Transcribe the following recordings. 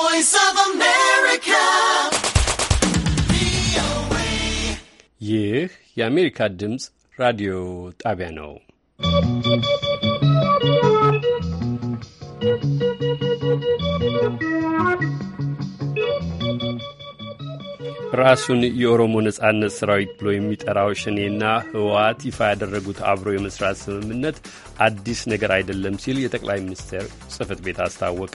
Voice of America. ይህ የአሜሪካ ድምፅ ራዲዮ ጣቢያ ነው። Thank you. ራሱን የኦሮሞ ነጻነት ሰራዊት ብሎ የሚጠራው ሸኔና ህወሓት ይፋ ያደረጉት አብሮ የመስራት ስምምነት አዲስ ነገር አይደለም ሲል የጠቅላይ ሚኒስትር ጽህፈት ቤት አስታወቀ።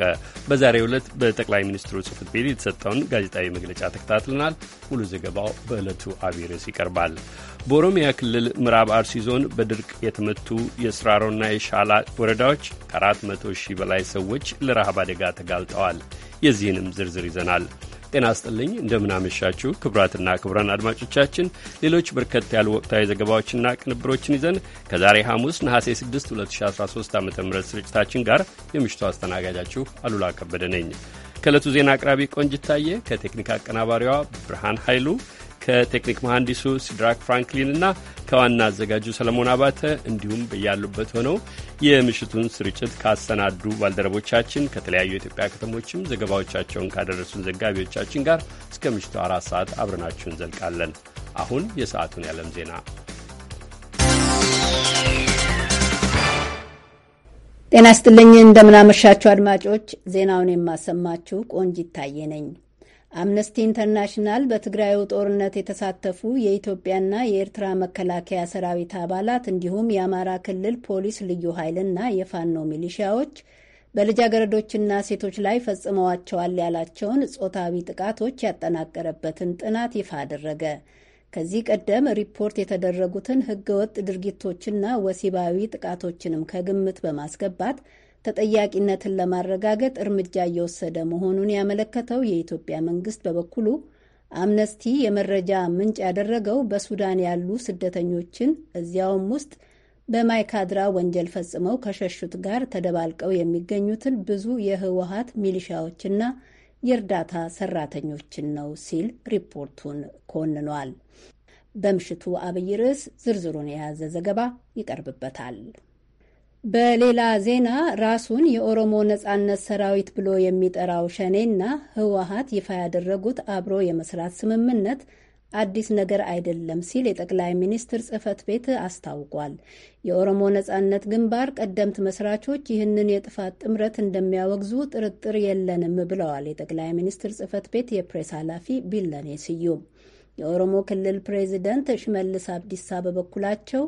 በዛሬው ዕለት በጠቅላይ ሚኒስትሩ ጽህፈት ቤት የተሰጠውን ጋዜጣዊ መግለጫ ተከታትለናል። ሙሉ ዘገባው በዕለቱ አቢርስ ይቀርባል። በኦሮሚያ ክልል ምዕራብ አርሲ ዞን በድርቅ የተመቱ የስራሮና የሻላ ወረዳዎች ከአራት መቶ ሺህ በላይ ሰዎች ለረሃብ አደጋ ተጋልጠዋል። የዚህንም ዝርዝር ይዘናል። ጤና ስጥልኝ እንደምናመሻችሁ ክቡራትና ክቡራን አድማጮቻችን ሌሎች በርከት ያሉ ወቅታዊ ዘገባዎችና ቅንብሮችን ይዘን ከዛሬ ሐሙስ ነሐሴ 6 2013 ዓ ም ስርጭታችን ጋር የምሽቱ አስተናጋጃችሁ አሉላ ከበደ ነኝ። ከእለቱ ዜና አቅራቢ ቆንጅታየ፣ ከቴክኒክ አቀናባሪዋ ብርሃን ኃይሉ ከቴክኒክ መሐንዲሱ ሲድራክ ፍራንክሊን እና ከዋና አዘጋጁ ሰለሞን አባተ እንዲሁም በያሉበት ሆነው የምሽቱን ስርጭት ካሰናዱ ባልደረቦቻችን ከተለያዩ የኢትዮጵያ ከተሞችም ዘገባዎቻቸውን ካደረሱን ዘጋቢዎቻችን ጋር እስከ ምሽቱ አራት ሰዓት አብረናችሁ እንዘልቃለን። አሁን የሰዓቱን የዓለም ዜና ጤና ይስጥልኝ። እንደምናመሻችሁ አድማጮች፣ ዜናውን የማሰማችሁ ቆንጅ ይታየነኝ። ነኝ። አምነስቲ ኢንተርናሽናል በትግራዩ ጦርነት የተሳተፉ የኢትዮጵያና የኤርትራ መከላከያ ሰራዊት አባላት እንዲሁም የአማራ ክልል ፖሊስ ልዩ ኃይልና የፋኖ ሚሊሺያዎች በልጃገረዶችና ሴቶች ላይ ፈጽመዋቸዋል ያላቸውን ጾታዊ ጥቃቶች ያጠናቀረበትን ጥናት ይፋ አደረገ። ከዚህ ቀደም ሪፖርት የተደረጉትን ህገወጥ ድርጊቶችና ወሲባዊ ጥቃቶችንም ከግምት በማስገባት ተጠያቂነትን ለማረጋገጥ እርምጃ እየወሰደ መሆኑን ያመለከተው የኢትዮጵያ መንግስት በበኩሉ አምነስቲ የመረጃ ምንጭ ያደረገው በሱዳን ያሉ ስደተኞችን እዚያውም ውስጥ በማይካድራ ወንጀል ፈጽመው ከሸሹት ጋር ተደባልቀው የሚገኙትን ብዙ የህወሀት ሚሊሻዎችና የእርዳታ ሰራተኞችን ነው ሲል ሪፖርቱን ኮንኗል። በምሽቱ አብይ ርዕስ ዝርዝሩን የያዘ ዘገባ ይቀርብበታል። በሌላ ዜና ራሱን የኦሮሞ ነጻነት ሰራዊት ብሎ የሚጠራው ሸኔና ህወሀት ይፋ ያደረጉት አብሮ የመስራት ስምምነት አዲስ ነገር አይደለም ሲል የጠቅላይ ሚኒስትር ጽህፈት ቤት አስታውቋል። የኦሮሞ ነጻነት ግንባር ቀደምት መስራቾች ይህንን የጥፋት ጥምረት እንደሚያወግዙ ጥርጥር የለንም ብለዋል የጠቅላይ ሚኒስትር ጽህፈት ቤት የፕሬስ ኃላፊ ቢለኔ ስዩም። የኦሮሞ ክልል ፕሬዚደንት ሽመልስ አብዲሳ በበኩላቸው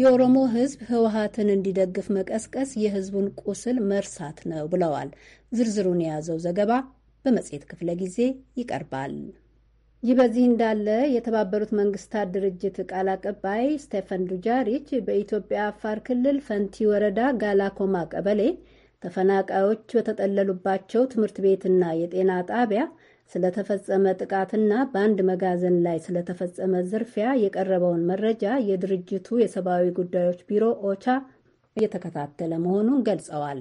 የኦሮሞ ሕዝብ ህወሀትን እንዲደግፍ መቀስቀስ የህዝቡን ቁስል መርሳት ነው ብለዋል። ዝርዝሩን የያዘው ዘገባ በመጽሔት ክፍለ ጊዜ ይቀርባል። ይህ በዚህ እንዳለ የተባበሩት መንግስታት ድርጅት ቃል አቀባይ ስቴፈን ዱጃሪች በኢትዮጵያ አፋር ክልል ፈንቲ ወረዳ ጋላኮማ ቀበሌ ተፈናቃዮች በተጠለሉባቸው ትምህርት ቤትና የጤና ጣቢያ ስለተፈጸመ ጥቃትና በአንድ መጋዘን ላይ ስለተፈጸመ ዝርፊያ የቀረበውን መረጃ የድርጅቱ የሰብአዊ ጉዳዮች ቢሮ ኦቻ እየተከታተለ መሆኑን ገልጸዋል።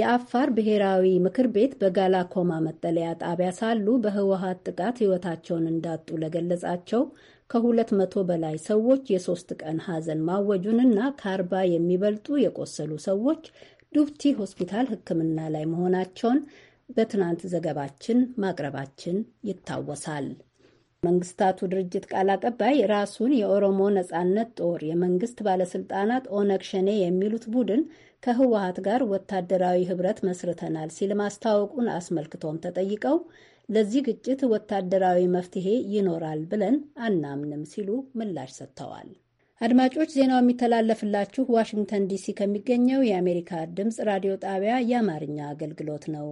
የአፋር ብሔራዊ ምክር ቤት በጋላ ኮማ መጠለያ ጣቢያ ሳሉ በህወሀት ጥቃት ህይወታቸውን እንዳጡ ለገለጻቸው ከሁለት መቶ በላይ ሰዎች የሶስት ቀን ሐዘን ማወጁንና ከአርባ የሚበልጡ የቆሰሉ ሰዎች ዱብቲ ሆስፒታል ሕክምና ላይ መሆናቸውን በትናንት ዘገባችን ማቅረባችን ይታወሳል። መንግስታቱ ድርጅት ቃል አቀባይ ራሱን የኦሮሞ ነጻነት ጦር የመንግስት ባለስልጣናት ኦነግ ሸኔ የሚሉት ቡድን ከህወሀት ጋር ወታደራዊ ህብረት መስርተናል ሲል ማስታወቁን አስመልክቶም ተጠይቀው ለዚህ ግጭት ወታደራዊ መፍትሄ ይኖራል ብለን አናምንም ሲሉ ምላሽ ሰጥተዋል። አድማጮች፣ ዜናው የሚተላለፍላችሁ ዋሽንግተን ዲሲ ከሚገኘው የአሜሪካ ድምፅ ራዲዮ ጣቢያ የአማርኛ አገልግሎት ነው።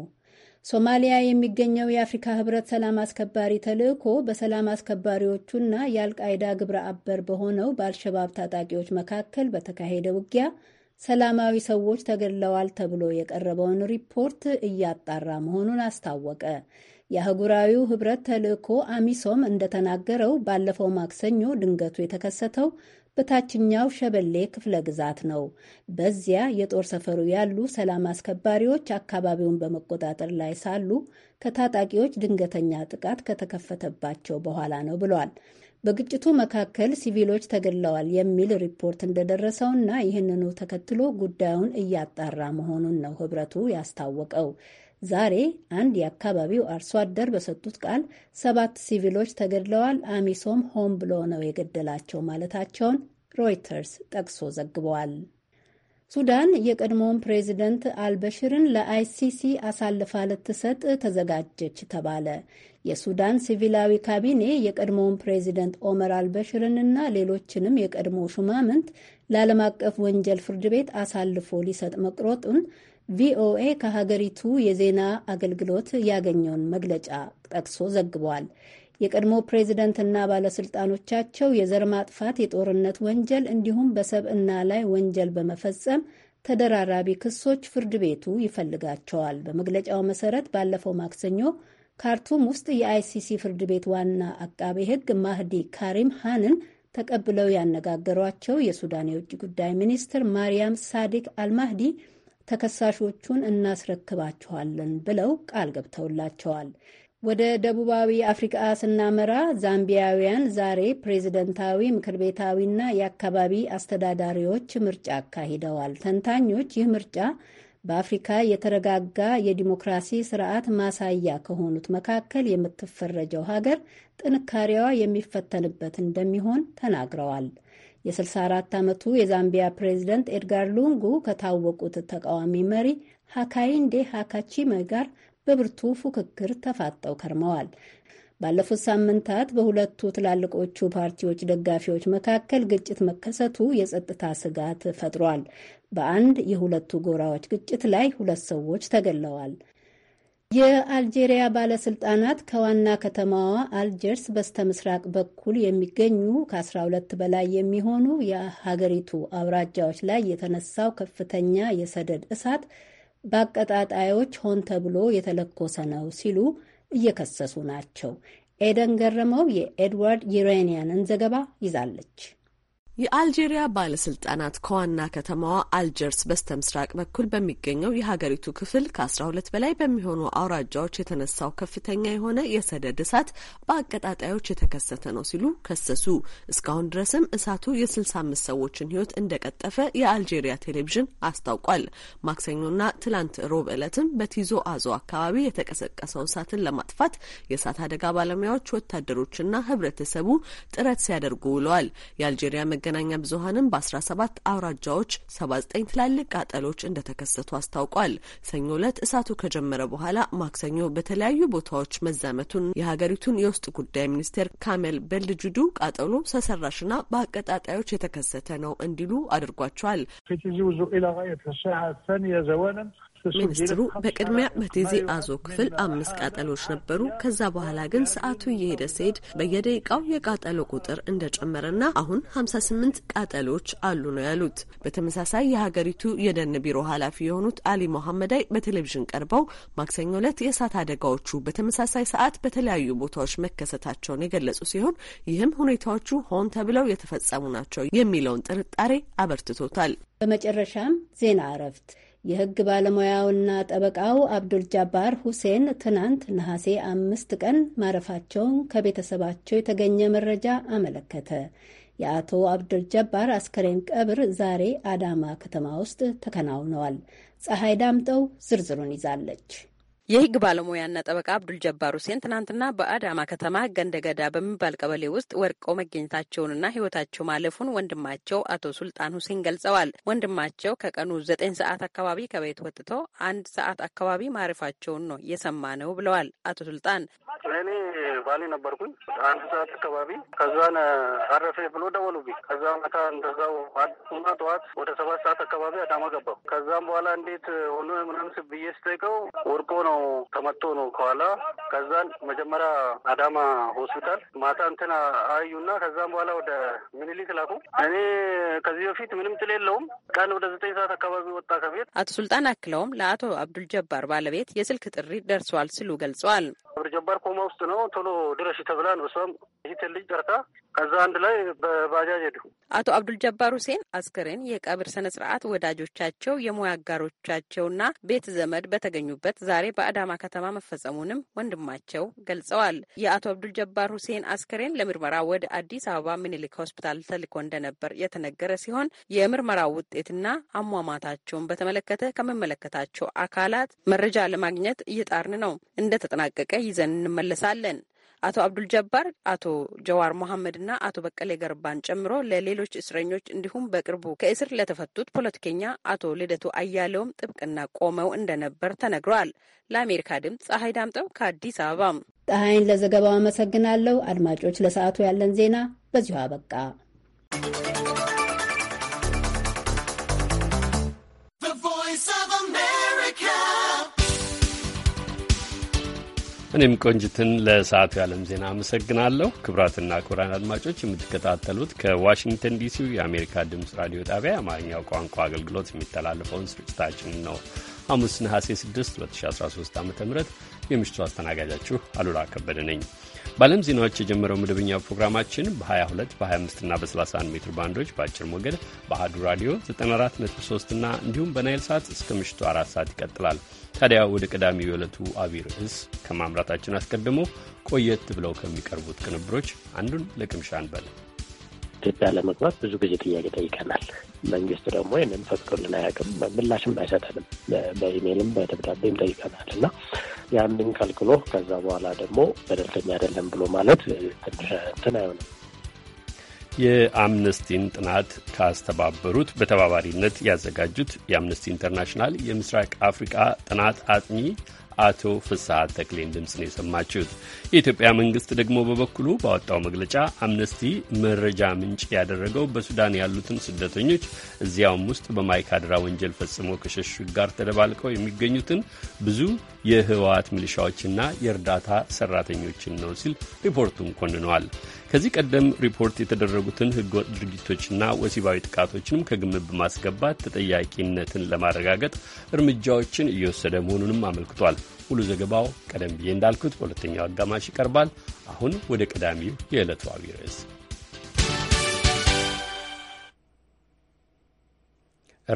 ሶማሊያ የሚገኘው የአፍሪካ ህብረት ሰላም አስከባሪ ተልዕኮ በሰላም አስከባሪዎቹና የአልቃይዳ ግብረ አበር በሆነው በአልሸባብ ታጣቂዎች መካከል በተካሄደ ውጊያ ሰላማዊ ሰዎች ተገድለዋል ተብሎ የቀረበውን ሪፖርት እያጣራ መሆኑን አስታወቀ። የአህጉራዊው ህብረት ተልዕኮ አሚሶም እንደተናገረው ባለፈው ማክሰኞ ድንገቱ የተከሰተው በታችኛው ሸበሌ ክፍለ ግዛት ነው። በዚያ የጦር ሰፈሩ ያሉ ሰላም አስከባሪዎች አካባቢውን በመቆጣጠር ላይ ሳሉ ከታጣቂዎች ድንገተኛ ጥቃት ከተከፈተባቸው በኋላ ነው ብሏል። በግጭቱ መካከል ሲቪሎች ተገድለዋል የሚል ሪፖርት እንደደረሰውና ይህንኑ ተከትሎ ጉዳዩን እያጣራ መሆኑን ነው ህብረቱ ያስታወቀው። ዛሬ አንድ የአካባቢው አርሶ አደር በሰጡት ቃል ሰባት ሲቪሎች ተገድለዋል፣ አሚሶም ሆን ብሎ ነው የገደላቸው ማለታቸውን ሮይተርስ ጠቅሶ ዘግበዋል። ሱዳን የቀድሞውን ፕሬዚደንት አልበሽርን ለአይሲሲ አሳልፋ ልትሰጥ ተዘጋጀች ተባለ። የሱዳን ሲቪላዊ ካቢኔ የቀድሞውን ፕሬዚደንት ኦመር አልበሽርንና ሌሎችንም የቀድሞ ሹማምንት ለዓለም አቀፍ ወንጀል ፍርድ ቤት አሳልፎ ሊሰጥ መቅረጡን ቪኦኤ ከሀገሪቱ የዜና አገልግሎት ያገኘውን መግለጫ ጠቅሶ ዘግቧል። የቀድሞ ፕሬዝደንትና ባለስልጣኖቻቸው የዘር ማጥፋት፣ የጦርነት ወንጀል እንዲሁም በሰብዕና ላይ ወንጀል በመፈጸም ተደራራቢ ክሶች ፍርድ ቤቱ ይፈልጋቸዋል። በመግለጫው መሰረት ባለፈው ማክሰኞ ካርቱም ውስጥ የአይሲሲ ፍርድ ቤት ዋና አቃቤ ሕግ ማህዲ ካሪም ሃንን ተቀብለው ያነጋገሯቸው የሱዳን የውጭ ጉዳይ ሚኒስትር ማርያም ሳዲቅ አልማህዲ ተከሳሾቹን እናስረክባቸዋለን ብለው ቃል ገብተውላቸዋል። ወደ ደቡባዊ አፍሪቃ ስናመራ ዛምቢያውያን ዛሬ ፕሬዝደንታዊ ምክር ቤታዊና የአካባቢ አስተዳዳሪዎች ምርጫ አካሂደዋል። ተንታኞች ይህ ምርጫ በአፍሪካ የተረጋጋ የዲሞክራሲ ስርዓት ማሳያ ከሆኑት መካከል የምትፈረጀው ሀገር ጥንካሬዋ የሚፈተንበት እንደሚሆን ተናግረዋል። የ64 ዓመቱ የዛምቢያ ፕሬዚደንት ኤድጋር ሉንጉ ከታወቁት ተቃዋሚ መሪ ሀካይንዴ ሀካቺመ ጋር በብርቱ ፉክክር ተፋጠው ከርመዋል። ባለፉት ሳምንታት በሁለቱ ትላልቆቹ ፓርቲዎች ደጋፊዎች መካከል ግጭት መከሰቱ የጸጥታ ስጋት ፈጥሯል። በአንድ የሁለቱ ጎራዎች ግጭት ላይ ሁለት ሰዎች ተገለዋል። የአልጄሪያ ባለስልጣናት ከዋና ከተማዋ አልጀርስ በስተምስራቅ በኩል የሚገኙ ከ12 በላይ የሚሆኑ የሀገሪቱ አውራጃዎች ላይ የተነሳው ከፍተኛ የሰደድ እሳት በአቀጣጣዮች ሆን ተብሎ የተለኮሰ ነው ሲሉ እየከሰሱ ናቸው። ኤደን ገረመው የኤድዋርድ ዩሬኒያንን ዘገባ ይዛለች። የአልጄሪያ ባለስልጣናት ከዋና ከተማዋ አልጀርስ በስተ ምስራቅ በኩል በሚገኘው የሀገሪቱ ክፍል ከ ሁለት በላይ በሚሆኑ አውራጃዎች የተነሳው ከፍተኛ የሆነ የሰደድ እሳት በአቀጣጣዮች የተከሰተ ነው ሲሉ ከሰሱ። እስካሁን ድረስም እሳቱ የስልሳ አምስት ሰዎችን ህይወት እንደቀጠፈ የአልጄሪያ ቴሌቪዥን አስታውቋል። ማክሰኞና ትላንት ሮብ ዕለትም በቲዞ አዞ አካባቢ የተቀሰቀሰው እሳትን ለማጥፋት የእሳት አደጋ ባለሙያዎች፣ ወታደሮችና ህብረተሰቡ ጥረት ሲያደርጉ ውለዋል። የአልጄሪያ መገናኛ ብዙሀንም በ17 አውራጃዎች 79 ትላልቅ ቃጠሎች እንደተከሰቱ አስታውቋል። ሰኞ ዕለት እሳቱ ከጀመረ በኋላ ማክሰኞ በተለያዩ ቦታዎች መዛመቱን የሀገሪቱን የውስጥ ጉዳይ ሚኒስቴር ካሜል በልድጁዱ ቃጠሎ ሰው ሰራሽና በአቀጣጣዮች የተከሰተ ነው እንዲሉ አድርጓቸዋል። ሚኒስትሩ በቅድሚያ በቴዜ አዞ ክፍል አምስት ቃጠሎች ነበሩ። ከዛ በኋላ ግን ሰዓቱ እየሄደ ሲሄድ በየደቂቃው የቃጠሎ ቁጥር እንደጨመረና አሁን ስምንት ቃጠሎች አሉ ነው ያሉት። በተመሳሳይ የሀገሪቱ የደን ቢሮ ኃላፊ የሆኑት አሊ ሞሐመዳይ በቴሌቪዥን ቀርበው ማክሰኞ ዕለት የእሳት አደጋዎቹ በተመሳሳይ ሰዓት በተለያዩ ቦታዎች መከሰታቸውን የገለጹ ሲሆን ይህም ሁኔታዎቹ ሆን ተብለው የተፈጸሙ ናቸው የሚለውን ጥርጣሬ አበርትቶታል። በመጨረሻም ዜና እረፍት የህግ ባለሙያውና ጠበቃው አብዱል ጃባር ሁሴን ትናንት ነሐሴ አምስት ቀን ማረፋቸውን ከቤተሰባቸው የተገኘ መረጃ አመለከተ። የአቶ አብዱል ጃባር አስከሬን ቀብር ዛሬ አዳማ ከተማ ውስጥ ተከናውነዋል። ፀሐይ ዳምጠው ዝርዝሩን ይዛለች። የህግ ባለሙያና ጠበቃ አብዱልጀባር ሁሴን ትናንትና በአዳማ ከተማ ገንደገዳ በሚባል ቀበሌ ውስጥ ወርቀው መገኘታቸውንና ህይወታቸው ማለፉን ወንድማቸው አቶ ሱልጣን ሁሴን ገልጸዋል። ወንድማቸው ከቀኑ ዘጠኝ ሰዓት አካባቢ ከቤት ወጥተው አንድ ሰዓት አካባቢ ማረፋቸውን ነው የሰማ ነው ብለዋል። አቶ ሱልጣን እኔ ባሌ ነበርኩኝ አንድ ሰዓት አካባቢ ከዛን አረፈ ብሎ ደወሉብኝ። ከዛ መታ እንደዛው አድሱና ጠዋት ወደ ሰባት ሰዓት አካባቢ አዳማ ገባሁ። ከዛም በኋላ እንዴት ሆኖ ምናምን ብዬ ስጠይቀው ወርቆ ነው ነው ተመቶ ነው ከኋላ። ከዛን መጀመሪያ አዳማ ሆስፒታል ማታ እንትን አዩና ከዛም በኋላ ወደ ምኒልክ ላኩ። እኔ ከዚህ በፊት ምንም ጥል የለውም። ቀን ወደ ዘጠኝ ሰዓት አካባቢ ወጣ ከቤት። አቶ ሱልጣን አክለውም ለአቶ አብዱል ጀባር ባለቤት የስልክ ጥሪ ደርሷል ሲሉ ገልጸዋል። ጀባር ኮማ ውስጥ ነው። ቶሎ ድረሽ ተብላ ነው እሷም ይህትን ልጅ ጠርታ ከዛ አንድ ላይ በባጃጅ ሄዱ። አቶ አብዱል ጀባር ሁሴን አስክሬን የቀብር ስነ ስርዓት ወዳጆቻቸው፣ የሙያ አጋሮቻቸውና ቤት ዘመድ በተገኙበት ዛሬ በአዳማ ከተማ መፈጸሙንም ወንድማቸው ገልጸዋል። የአቶ አብዱል ጀባር ሁሴን አስክሬን ለምርመራ ወደ አዲስ አበባ ሚኒሊክ ሆስፒታል ተልኮ እንደነበር የተነገረ ሲሆን የምርመራ ውጤትና አሟሟታቸውን በተመለከተ ከመመለከታቸው አካላት መረጃ ለማግኘት እየጣርን ነው እንደተጠናቀቀ ይዘን እንመለሳለን። አቶ አብዱል ጀባር፣ አቶ ጀዋር መሐመድ እና አቶ በቀሌ ገርባን ጨምሮ ለሌሎች እስረኞች እንዲሁም በቅርቡ ከእስር ለተፈቱት ፖለቲከኛ አቶ ልደቱ አያሌውም ጥብቅና ቆመው እንደነበር ተነግሯል። ለአሜሪካ ድምፅ ፀሐይ ዳምጠው ከአዲስ አበባ። ፀሐይን ለዘገባው አመሰግናለሁ። አድማጮች፣ ለሰዓቱ ያለን ዜና በዚሁ አበቃ። እኔም ቆንጅትን ለሰዓቱ የዓለም ዜና አመሰግናለሁ። ክቡራትና ክቡራን አድማጮች የምትከታተሉት ከዋሽንግተን ዲሲው የአሜሪካ ድምፅ ራዲዮ ጣቢያ የአማርኛው ቋንቋ አገልግሎት የሚተላለፈውን ስርጭታችን ነው። ሐሙስ ነሐሴ 6 2013 ዓ ም የምሽቱ አስተናጋጃችሁ አሉላ ከበደ ነኝ። በዓለም ዜናዎች የጀመረው መደበኛ ፕሮግራማችን በ22 በ25 እና በ31 ሜትር ባንዶች በአጭር ሞገድ በአህዱ ራዲዮ 943 እና እንዲሁም በናይል ሰዓት እስከ ምሽቱ አራት ሰዓት ይቀጥላል። ታዲያ ወደ ቀዳሚው የዕለቱ አቢይ ርዕስ ከማምራታችን አስቀድሞ ቆየት ብለው ከሚቀርቡት ቅንብሮች አንዱን ለቅምሻ እንበል። ኢትዮጵያ ለመግባት ብዙ ጊዜ ጥያቄ ጠይቀናል። መንግስት ደግሞ ይህንን ፈቅዶልን አያውቅም፣ ምላሽም አይሰጠንም። በኢሜይልም በደብዳቤም ጠይቀናል እና ያንን ከልክሎ ከዛ በኋላ ደግሞ በደልተኛ አይደለም ብሎ ማለት ትንሽ እንትን አይሆንም። የአምነስቲን ጥናት ካስተባበሩት በተባባሪነት ያዘጋጁት የአምነስቲ ኢንተርናሽናል የምስራቅ አፍሪቃ ጥናት አጥኚ አቶ ፍስሐ ተክሌን ድምፅ ነው የሰማችሁት። የኢትዮጵያ መንግስት ደግሞ በበኩሉ ባወጣው መግለጫ አምነስቲ መረጃ ምንጭ ያደረገው በሱዳን ያሉትን ስደተኞች እዚያውም ውስጥ በማይካድራ ወንጀል ፈጽሞ ከሸሹ ጋር ተደባልቀው የሚገኙትን ብዙ የህወሓት ሚሊሻዎችና የእርዳታ ሰራተኞችን ነው ሲል ሪፖርቱን ኮንነዋል። ከዚህ ቀደም ሪፖርት የተደረጉትን ህገወጥ ድርጊቶችና ወሲባዊ ጥቃቶችንም ከግምት በማስገባት ተጠያቂነትን ለማረጋገጥ እርምጃዎችን እየወሰደ መሆኑንም አመልክቷል። ሙሉ ዘገባው ቀደም ብዬ እንዳልኩት በሁለተኛው አጋማሽ ይቀርባል። አሁን ወደ ቀዳሚው የዕለቱ አብይ ርዕስ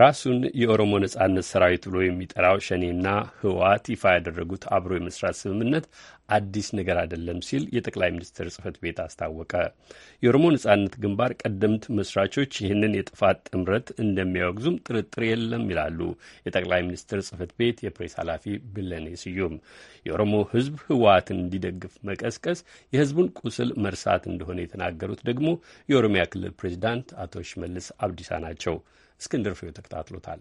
ራሱን የኦሮሞ ነጻነት ሰራዊት ብሎ የሚጠራው ሸኔና ህወሓት ይፋ ያደረጉት አብሮ የመስራት ስምምነት አዲስ ነገር አይደለም ሲል የጠቅላይ ሚኒስትር ጽህፈት ቤት አስታወቀ። የኦሮሞ ነጻነት ግንባር ቀደምት መስራቾች ይህንን የጥፋት ጥምረት እንደሚያወግዙም ጥርጥር የለም ይላሉ የጠቅላይ ሚኒስትር ጽህፈት ቤት የፕሬስ ኃላፊ ብለኔ ስዩም። የኦሮሞ ህዝብ ህወሓትን እንዲደግፍ መቀስቀስ የህዝቡን ቁስል መርሳት እንደሆነ የተናገሩት ደግሞ የኦሮሚያ ክልል ፕሬዚዳንት አቶ ሽመልስ አብዲሳ ናቸው። እስክንድር ፍሬው ተከታትሎታል።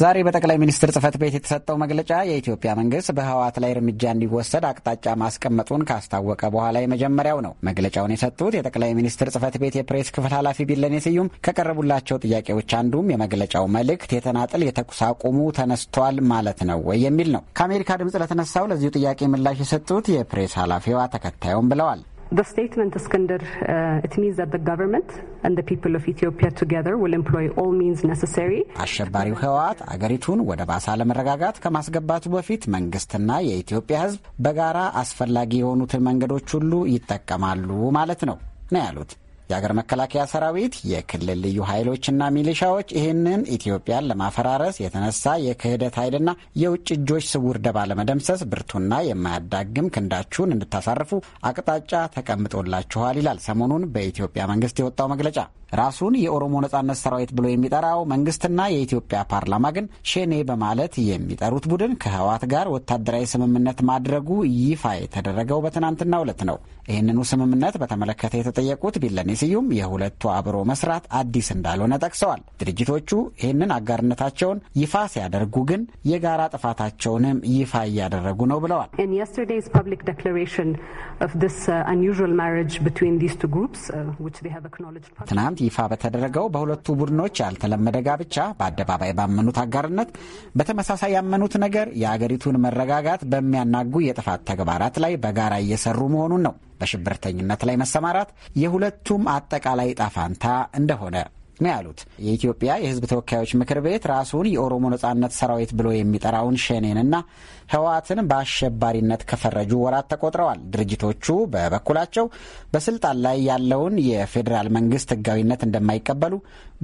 ዛሬ በጠቅላይ ሚኒስትር ጽህፈት ቤት የተሰጠው መግለጫ የኢትዮጵያ መንግስት በህወሓት ላይ እርምጃ እንዲወሰድ አቅጣጫ ማስቀመጡን ካስታወቀ በኋላ የመጀመሪያው ነው። መግለጫውን የሰጡት የጠቅላይ ሚኒስትር ጽህፈት ቤት የፕሬስ ክፍል ኃላፊ ቢለኔ ስዩም ከቀረቡላቸው ጥያቄዎች አንዱም የመግለጫው መልእክት የተናጥል የተኩስ አቁሙ ተነስቷል ማለት ነው ወይ የሚል ነው። ከአሜሪካ ድምፅ ለተነሳው ለዚሁ ጥያቄ ምላሽ የሰጡት የፕሬስ ኃላፊዋ ተከታዩም ብለዋል። The statement, Iskander, uh, it means that the government and the people of Ethiopia together will employ all means necessary. አሸባሪው ህወሓት አገሪቱን ወደ ባሰ አለመረጋጋት ከማስገባቱ በፊት መንግስትና የኢትዮጵያ ህዝብ በጋራ አስፈላጊ የሆኑትን መንገዶች ሁሉ ይጠቀማሉ ማለት ነው ነው ያሉት። የአገር መከላከያ ሰራዊት፣ የክልል ልዩ ኃይሎችና ሚሊሻዎች ይህንን ኢትዮጵያን ለማፈራረስ የተነሳ የክህደት ኃይልና የውጭ እጆች ስውር ደባ ለመደምሰስ ብርቱና የማያዳግም ክንዳችሁን እንድታሳርፉ አቅጣጫ ተቀምጦላችኋል ይላል ሰሞኑን በኢትዮጵያ መንግስት የወጣው መግለጫ። ራሱን የኦሮሞ ነጻነት ሰራዊት ብሎ የሚጠራው መንግስትና የኢትዮጵያ ፓርላማ ግን ሼኔ በማለት የሚጠሩት ቡድን ከህወሓት ጋር ወታደራዊ ስምምነት ማድረጉ ይፋ የተደረገው በትናንትናው ዕለት ነው። ይህንኑ ስምምነት በተመለከተ የተጠየቁት ቢለኔ ስዩም የሁለቱ አብሮ መስራት አዲስ እንዳልሆነ ጠቅሰዋል። ድርጅቶቹ ይህንን አጋርነታቸውን ይፋ ሲያደርጉ ግን የጋራ ጥፋታቸውንም ይፋ እያደረጉ ነው ብለዋል። uh, uh, ትናንት ይፋ በተደረገው በሁለቱ ቡድኖች ያልተለመደ ጋብቻ በአደባባይ ባመኑት አጋርነት በተመሳሳይ ያመኑት ነገር የአገሪቱን መረጋጋት በሚያናጉ የጥፋት ተግባራት ላይ በጋራ እየሰሩ መሆኑን ነው። በሽብርተኝነት ላይ መሰማራት የሁለቱም አጠቃላይ ጣፋንታ እንደሆነ ነው ያሉት። የኢትዮጵያ የሕዝብ ተወካዮች ምክር ቤት ራሱን የኦሮሞ ነጻነት ሰራዊት ብሎ የሚጠራውን ሸኔንና ህወሓትን በአሸባሪነት ከፈረጁ ወራት ተቆጥረዋል። ድርጅቶቹ በበኩላቸው በስልጣን ላይ ያለውን የፌዴራል መንግስት ህጋዊነት እንደማይቀበሉ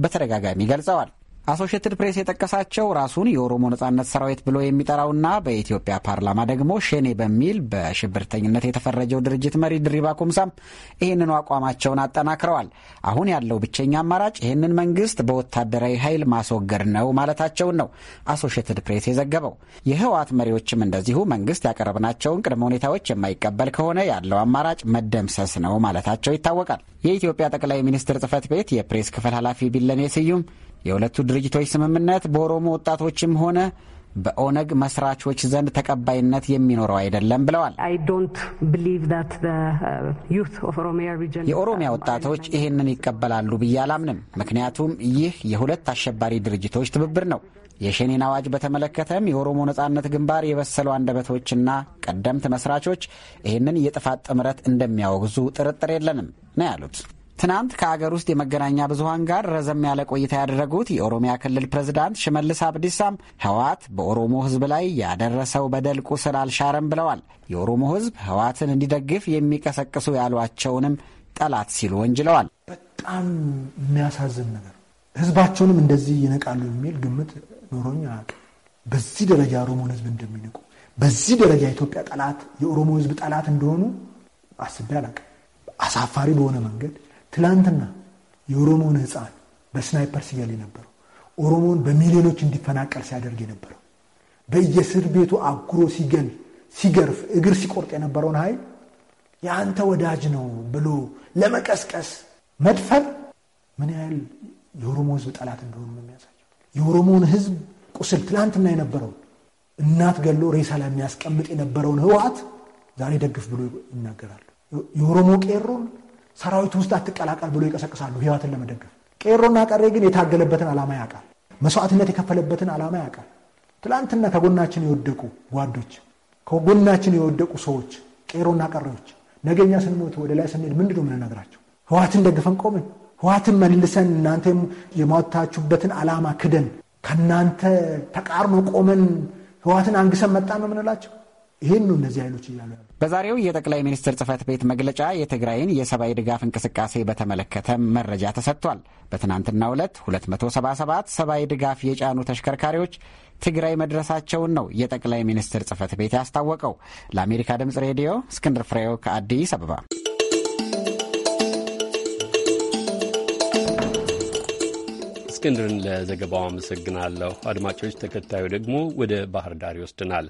በተደጋጋሚ ገልጸዋል። አሶሽትድ ፕሬስ የጠቀሳቸው ራሱን የኦሮሞ ነጻነት ሰራዊት ብሎ የሚጠራውና በኢትዮጵያ ፓርላማ ደግሞ ሸኔ በሚል በሽብርተኝነት የተፈረጀው ድርጅት መሪ ድሪባ ኩምሳም ይህንኑ አቋማቸውን አጠናክረዋል። አሁን ያለው ብቸኛ አማራጭ ይህንን መንግስት በወታደራዊ ኃይል ማስወገድ ነው ማለታቸውን ነው አሶሽትድ ፕሬስ የዘገበው። የህወሓት መሪዎችም እንደዚሁ መንግስት ያቀረብናቸውን ቅድመ ሁኔታዎች የማይቀበል ከሆነ ያለው አማራጭ መደምሰስ ነው ማለታቸው ይታወቃል። የኢትዮጵያ ጠቅላይ ሚኒስትር ጽህፈት ቤት የፕሬስ ክፍል ኃላፊ ቢለኔ ስዩም የሁለቱ ድርጅቶች ስምምነት በኦሮሞ ወጣቶችም ሆነ በኦነግ መስራቾች ዘንድ ተቀባይነት የሚኖረው አይደለም ብለዋል። uh, የኦሮሚያ ወጣቶች ይህንን ይቀበላሉ ብዬ አላምንም። ምክንያቱም ይህ የሁለት አሸባሪ ድርጅቶች ትብብር ነው። የሸኔን አዋጅ በተመለከተም የኦሮሞ ነጻነት ግንባር የበሰሉ አንደበቶችና ቀደምት መስራቾች ይህንን የጥፋት ጥምረት እንደሚያወግዙ ጥርጥር የለንም ነው ያሉት። ትናንት ከአገር ውስጥ የመገናኛ ብዙኃን ጋር ረዘም ያለ ቆይታ ያደረጉት የኦሮሚያ ክልል ፕሬዝዳንት ሽመልስ አብዲሳም ህወሓት በኦሮሞ ህዝብ ላይ ያደረሰው በደል ቁስል አልሻረም ብለዋል። የኦሮሞ ህዝብ ህወሓትን እንዲደግፍ የሚቀሰቅሱ ያሏቸውንም ጠላት ሲሉ ወንጅለዋል። በጣም የሚያሳዝን ነገር ህዝባቸውንም እንደዚህ ይነቃሉ የሚል ግምት ኖሮኝ አያውቅም። በዚህ ደረጃ የኦሮሞን ህዝብ እንደሚንቁ፣ በዚህ ደረጃ ኢትዮጵያ ጠላት የኦሮሞ ህዝብ ጠላት እንደሆኑ አስቤ አላውቅም። አሳፋሪ በሆነ መንገድ ትላንትና የኦሮሞን ህፃን በስናይፐር ሲገል የነበረው ኦሮሞን በሚሊዮኖች እንዲፈናቀል ሲያደርግ የነበረው በየእስር ቤቱ አጉሮ ሲገል ሲገርፍ እግር ሲቆርጥ የነበረውን ኃይል የአንተ ወዳጅ ነው ብሎ ለመቀስቀስ መድፈር ምን ያህል የኦሮሞ ህዝብ ጠላት እንደሆኑ ነው የሚያሳየው። የኦሮሞን ህዝብ ቁስል ትላንትና የነበረው እናት ገሎ ሬሳ የሚያስቀምጥ የነበረውን ህወሓት ዛሬ ደግፍ ብሎ ይናገራሉ። የኦሮሞ ቄሮን ሰራዊት ውስጥ አትቀላቀል ብሎ ይቀሰቅሳሉ ህይወትን ለመደገፍ። ቄሮና ቀሬ ግን የታገለበትን ዓላማ ያውቃል። መስዋዕትነት የከፈለበትን ዓላማ ያውቃል። ትላንትና ከጎናችን የወደቁ ጓዶች፣ ከጎናችን የወደቁ ሰዎች፣ ቄሮና ቀሬዎች ነገኛ ስንሞት ወደ ላይ ስንሄድ ምንድ ነው የምንነግራቸው? ህዋትን ደግፈን ቆምን። ህዋትን መልሰን እናንተ የማወታችሁበትን ዓላማ ክደን ከእናንተ ተቃርኖ ቆመን ህዋትን አንግሰን መጣን ነው ምንላቸው? ይህን ነው እነዚህ ኃይሎች እያሉ ያሉ። በዛሬው የጠቅላይ ሚኒስትር ጽህፈት ቤት መግለጫ የትግራይን የሰብአዊ ድጋፍ እንቅስቃሴ በተመለከተ መረጃ ተሰጥቷል። በትናንትናው ዕለት 277 ሰብአዊ ድጋፍ የጫኑ ተሽከርካሪዎች ትግራይ መድረሳቸውን ነው የጠቅላይ ሚኒስትር ጽህፈት ቤት ያስታወቀው። ለአሜሪካ ድምፅ ሬዲዮ እስክንድር ፍሬው ከአዲስ አበባ። እስክንድርን ለዘገባው አመሰግናለሁ። አድማጮች፣ ተከታዩ ደግሞ ወደ ባህር ዳር ይወስድናል።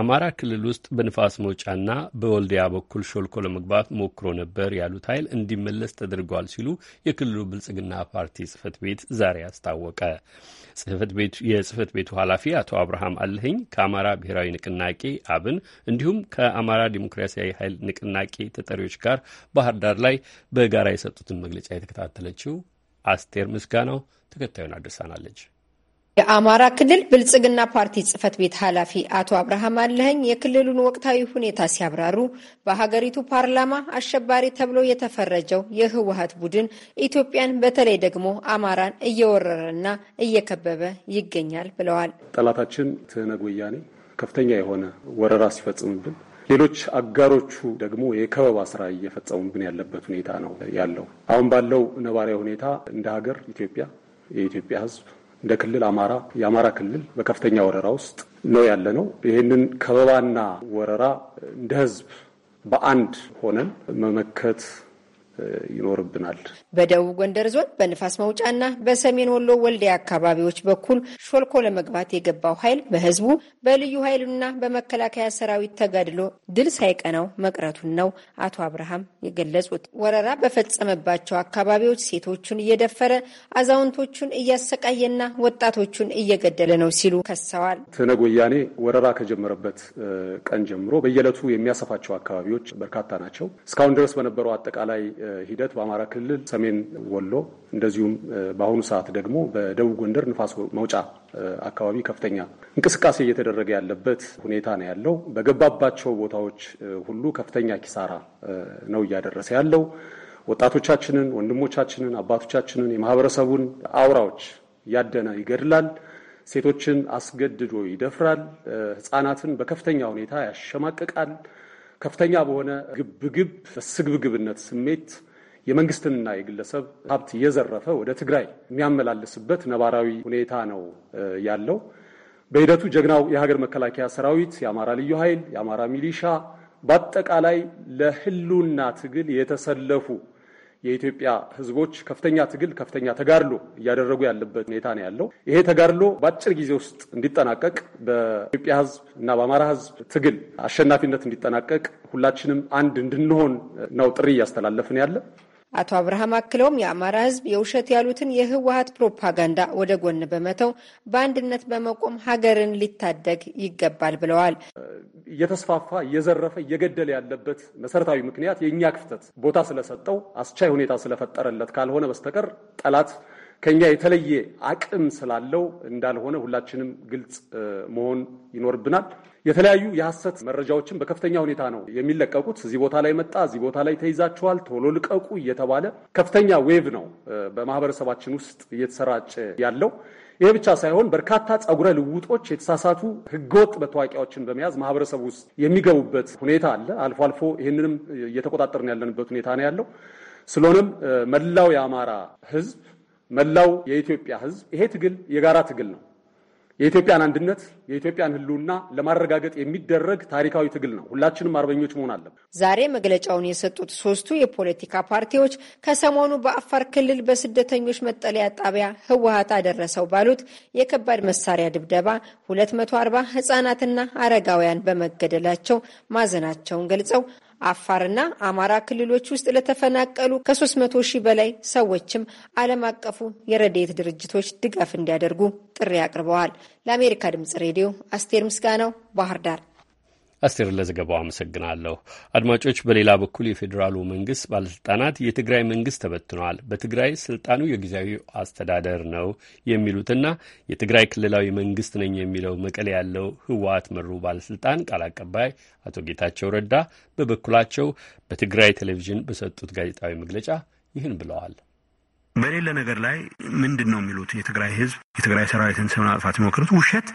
አማራ ክልል ውስጥ በንፋስ መውጫና በወልዲያ በኩል ሾልኮ ለመግባት ሞክሮ ነበር ያሉት ኃይል እንዲመለስ ተደርጓል ሲሉ የክልሉ ብልጽግና ፓርቲ ጽህፈት ቤት ዛሬ አስታወቀ። የጽህፈት ቤቱ ኃላፊ አቶ አብርሃም አለኸኝ ከአማራ ብሔራዊ ንቅናቄ አብን፣ እንዲሁም ከአማራ ዲሞክራሲያዊ ኃይል ንቅናቄ ተጠሪዎች ጋር ባህር ዳር ላይ በጋራ የሰጡትን መግለጫ የተከታተለችው አስቴር ምስጋናው ተከታዩን አድርሳናለች። የአማራ ክልል ብልጽግና ፓርቲ ጽህፈት ቤት ኃላፊ አቶ አብርሃም አለኸኝ የክልሉን ወቅታዊ ሁኔታ ሲያብራሩ በሀገሪቱ ፓርላማ አሸባሪ ተብሎ የተፈረጀው የህወሀት ቡድን ኢትዮጵያን በተለይ ደግሞ አማራን እየወረረና እየከበበ ይገኛል ብለዋል። ጠላታችን ትህነግ ወያኔ ከፍተኛ የሆነ ወረራ ሲፈጽምብን፣ ሌሎች አጋሮቹ ደግሞ የከበባ ስራ እየፈጸሙብን ያለበት ሁኔታ ነው ያለው። አሁን ባለው ነባሪያ ሁኔታ እንደ ሀገር ኢትዮጵያ የኢትዮጵያ ህዝብ እንደ ክልል አማራ የአማራ ክልል በከፍተኛ ወረራ ውስጥ ነው ያለ ነው። ይህንን ከበባና ወረራ እንደ ህዝብ በአንድ ሆነን መመከት ይኖርብናል። በደቡብ ጎንደር ዞን በንፋስ መውጫና በሰሜን ወሎ ወልዲያ አካባቢዎች በኩል ሾልኮ ለመግባት የገባው ኃይል በህዝቡ በልዩ ኃይልና በመከላከያ ሰራዊት ተጋድሎ ድል ሳይቀናው መቅረቱን ነው አቶ አብርሃም የገለጹት። ወረራ በፈጸመባቸው አካባቢዎች ሴቶቹን እየደፈረ አዛውንቶቹን እያሰቃየና ወጣቶቹን እየገደለ ነው ሲሉ ከሰዋል። ትነግ ወያኔ ወረራ ከጀመረበት ቀን ጀምሮ በየዕለቱ የሚያሰፋቸው አካባቢዎች በርካታ ናቸው። እስካሁን ድረስ በነበረው አጠቃላይ ሂደት በአማራ ክልል ሰሜን ወሎ እንደዚሁም በአሁኑ ሰዓት ደግሞ በደቡብ ጎንደር ንፋስ መውጫ አካባቢ ከፍተኛ እንቅስቃሴ እየተደረገ ያለበት ሁኔታ ነው ያለው። በገባባቸው ቦታዎች ሁሉ ከፍተኛ ኪሳራ ነው እያደረሰ ያለው። ወጣቶቻችንን፣ ወንድሞቻችንን፣ አባቶቻችንን፣ የማህበረሰቡን አውራዎች ያደነ ይገድላል። ሴቶችን አስገድዶ ይደፍራል። ህጻናትን በከፍተኛ ሁኔታ ያሸማቅቃል። ከፍተኛ በሆነ ግብግብ፣ ስግብግብነት ስሜት የመንግስትንና የግለሰብ ሀብት እየዘረፈ ወደ ትግራይ የሚያመላልስበት ነባራዊ ሁኔታ ነው ያለው። በሂደቱ ጀግናው የሀገር መከላከያ ሰራዊት፣ የአማራ ልዩ ኃይል፣ የአማራ ሚሊሻ በአጠቃላይ ለህልውና ትግል የተሰለፉ የኢትዮጵያ ሕዝቦች ከፍተኛ ትግል፣ ከፍተኛ ተጋድሎ እያደረጉ ያለበት ሁኔታ ነው ያለው። ይሄ ተጋድሎ በአጭር ጊዜ ውስጥ እንዲጠናቀቅ በኢትዮጵያ ሕዝብ እና በአማራ ሕዝብ ትግል አሸናፊነት እንዲጠናቀቅ ሁላችንም አንድ እንድንሆን ነው ጥሪ እያስተላለፍን ያለ አቶ አብርሃም አክለውም የአማራ ህዝብ የውሸት ያሉትን የህወሀት ፕሮፓጋንዳ ወደ ጎን በመተው በአንድነት በመቆም ሀገርን ሊታደግ ይገባል ብለዋል። እየተስፋፋ እየዘረፈ እየገደለ ያለበት መሰረታዊ ምክንያት የእኛ ክፍተት ቦታ ስለሰጠው አስቻይ ሁኔታ ስለፈጠረለት ካልሆነ በስተቀር ጠላት ከኛ የተለየ አቅም ስላለው እንዳልሆነ ሁላችንም ግልጽ መሆን ይኖርብናል። የተለያዩ የሐሰት መረጃዎችን በከፍተኛ ሁኔታ ነው የሚለቀቁት። እዚህ ቦታ ላይ መጣ፣ እዚህ ቦታ ላይ ተይዛችኋል፣ ቶሎ ልቀቁ እየተባለ ከፍተኛ ዌቭ ነው በማህበረሰባችን ውስጥ እየተሰራጨ ያለው። ይሄ ብቻ ሳይሆን በርካታ ጸጉረ ልውጦች፣ የተሳሳቱ ህገወጥ መታወቂያዎችን በመያዝ ማህበረሰብ ውስጥ የሚገቡበት ሁኔታ አለ። አልፎ አልፎ ይህንንም እየተቆጣጠርን ያለንበት ሁኔታ ነው ያለው። ስለሆነም መላው የአማራ ህዝብ፣ መላው የኢትዮጵያ ህዝብ ይሄ ትግል የጋራ ትግል ነው። የኢትዮጵያን አንድነት የኢትዮጵያን ሕልውና ለማረጋገጥ የሚደረግ ታሪካዊ ትግል ነው። ሁላችንም አርበኞች መሆን አለብን። ዛሬ መግለጫውን የሰጡት ሶስቱ የፖለቲካ ፓርቲዎች ከሰሞኑ በአፋር ክልል በስደተኞች መጠለያ ጣቢያ ህወሀት አደረሰው ባሉት የከባድ መሳሪያ ድብደባ 240 ህጻናትና አረጋውያን በመገደላቸው ማዘናቸውን ገልጸው አፋርና አማራ ክልሎች ውስጥ ለተፈናቀሉ ከ300 ሺህ በላይ ሰዎችም ዓለም አቀፉ የረድኤት ድርጅቶች ድጋፍ እንዲያደርጉ ጥሪ አቅርበዋል። ለአሜሪካ ድምጽ ሬዲዮ አስቴር ምስጋናው ባህር ዳር አስቴር ለዘገባው አመሰግናለሁ። አድማጮች፣ በሌላ በኩል የፌዴራሉ መንግስት ባለስልጣናት የትግራይ መንግስት ተበትነዋል። በትግራይ ስልጣኑ የጊዜያዊ አስተዳደር ነው የሚሉትና የትግራይ ክልላዊ መንግስት ነኝ የሚለው መቀሌ ያለው ህወሓት መሩ ባለስልጣን ቃል አቀባይ አቶ ጌታቸው ረዳ በበኩላቸው በትግራይ ቴሌቪዥን በሰጡት ጋዜጣዊ መግለጫ ይህን ብለዋል። በሌለ ነገር ላይ ምንድን ነው የሚሉት? የትግራይ ህዝብ የትግራይ ሰራዊትን ስም ማጥፋት የሚሞክሩት ውሸት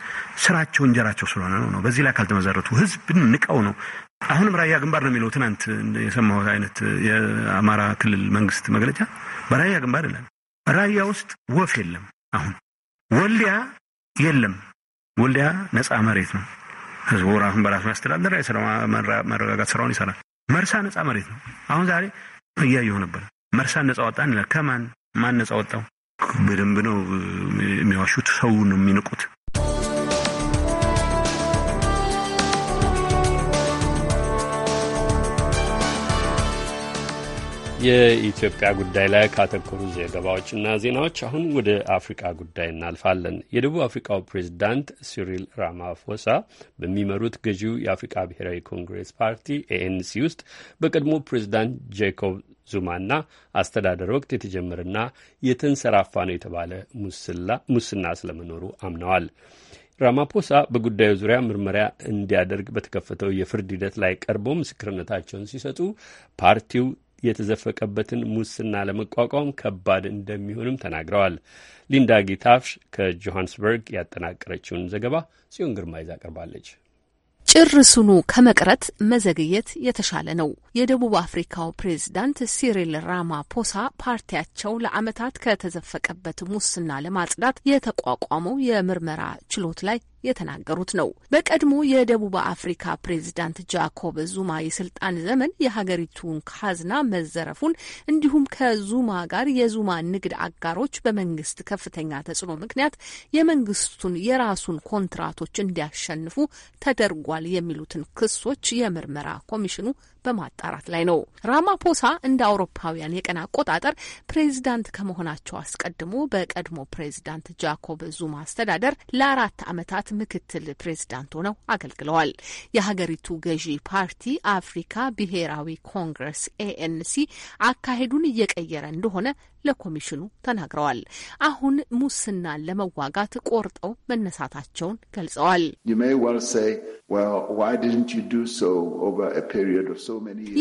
ስራቸው እንጀራቸው ስለሆነ ነው። በዚህ ላይ ካልተመሰረቱ ህዝብን ንቀው ነው። አሁንም ራያ ግንባር ነው የሚለው ትናንት የሰማሁት አይነት የአማራ ክልል መንግስት መግለጫ በራያ ግንባር ይላል። ራያ ውስጥ ወፍ የለም። አሁን ወልዲያ የለም። ወልዲያ ነፃ መሬት ነው። ህዝቡ አሁን በራሱ ያስተዳደር ማረጋጋት ስራውን ይሰራል። መርሳ ነፃ መሬት ነው። አሁን ዛሬ እያየሁ ነበር። መርሳን ነፃ ወጣን ይላል። ከማን ማን ነጻ ወጣው? በደንብ ነው የሚዋሹት። ሰው ነው የሚንቁት። የኢትዮጵያ ጉዳይ ላይ ካተኮሩ ዘገባዎችና ዜናዎች አሁን ወደ አፍሪቃ ጉዳይ እናልፋለን። የደቡብ አፍሪካው ፕሬዚዳንት ሲሪል ራማፎሳ በሚመሩት ገዢው የአፍሪቃ ብሔራዊ ኮንግሬስ ፓርቲ ኤኤንሲ ውስጥ በቀድሞ ፕሬዚዳንት ጄኮብ ዙማና አስተዳደር ወቅት የተጀመረና የተንሰራፋ ነው የተባለ ሙስና ስለመኖሩ አምነዋል። ራማፖሳ በጉዳዩ ዙሪያ ምርመራ እንዲያደርግ በተከፈተው የፍርድ ሂደት ላይ ቀርበው ምስክርነታቸውን ሲሰጡ ፓርቲው የተዘፈቀበትን ሙስና ለመቋቋም ከባድ እንደሚሆንም ተናግረዋል። ሊንዳ ጊታፍሽ ከጆሃንስበርግ ያጠናቀረችውን ዘገባ ጽዮን ግርማ ይዛ ቀርባለች። ጭርሱኑ ከመቅረት መዘግየት የተሻለ ነው። የደቡብ አፍሪካው ፕሬዝዳንት ሲሪል ራማፖሳ ፓርቲያቸው ለዓመታት ከተዘፈቀበት ሙስና ለማጽዳት የተቋቋመው የምርመራ ችሎት ላይ የተናገሩት ነው። በቀድሞ የደቡብ አፍሪካ ፕሬዚዳንት ጃኮብ ዙማ የስልጣን ዘመን የሀገሪቱን ካዝና መዘረፉን እንዲሁም ከዙማ ጋር የዙማ ንግድ አጋሮች በመንግስት ከፍተኛ ተጽዕኖ ምክንያት የመንግስቱን የራሱን ኮንትራቶች እንዲያሸንፉ ተደርጓል የሚሉትን ክሶች የምርመራ ኮሚሽኑ በማጣራት ላይ ነው። ራማፖሳ እንደ አውሮፓውያን የቀን አቆጣጠር ፕሬዚዳንት ከመሆናቸው አስቀድሞ በቀድሞ ፕሬዚዳንት ጃኮብ ዙማ አስተዳደር ለአራት ዓመታት ምክትል ፕሬዚዳንት ሆነው አገልግለዋል። የሀገሪቱ ገዢ ፓርቲ አፍሪካ ብሔራዊ ኮንግረስ ኤኤንሲ አካሄዱን እየቀየረ እንደሆነ ለኮሚሽኑ ተናግረዋል። አሁን ሙስናን ለመዋጋት ቆርጠው መነሳታቸውን ገልጸዋል።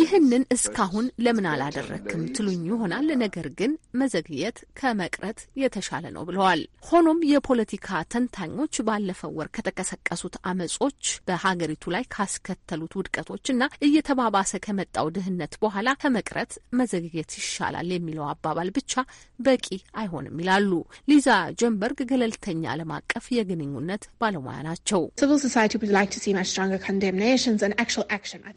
ይህንን እስካሁን ለምን አላደረክም ትሉኝ ይሆናል። ነገር ግን መዘግየት ከመቅረት የተሻለ ነው ብለዋል። ሆኖም የፖለቲካ ተንታኞች ባለፈው ወር ከተቀሰቀሱት አመጾች በሀገሪቱ ላይ ካስከተሉት ውድቀቶች እና እየተባባሰ ከመጣው ድህነት በኋላ ከመቅረት መዘግየት ይሻላል የሚለው አባባል ብቻ ብቻ በቂ አይሆንም ይላሉ። ሊዛ ጀንበርግ ገለልተኛ ዓለም አቀፍ የግንኙነት ባለሙያ ናቸው።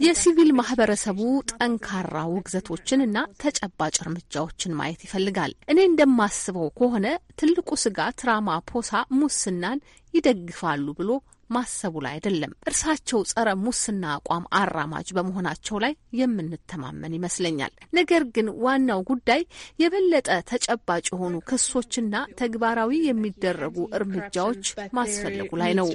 የሲቪል ማህበረሰቡ ጠንካራ ውግዘቶችን እና ተጨባጭ እርምጃዎችን ማየት ይፈልጋል። እኔ እንደማስበው ከሆነ ትልቁ ስጋት ራማፖሳ ሙስናን ይደግፋሉ ብሎ ማሰቡ ላይ አይደለም። እርሳቸው ጸረ ሙስና አቋም አራማጅ በመሆናቸው ላይ የምንተማመን ይመስለኛል። ነገር ግን ዋናው ጉዳይ የበለጠ ተጨባጭ የሆኑ ክሶችና ተግባራዊ የሚደረጉ እርምጃዎች ማስፈለጉ ላይ ነው።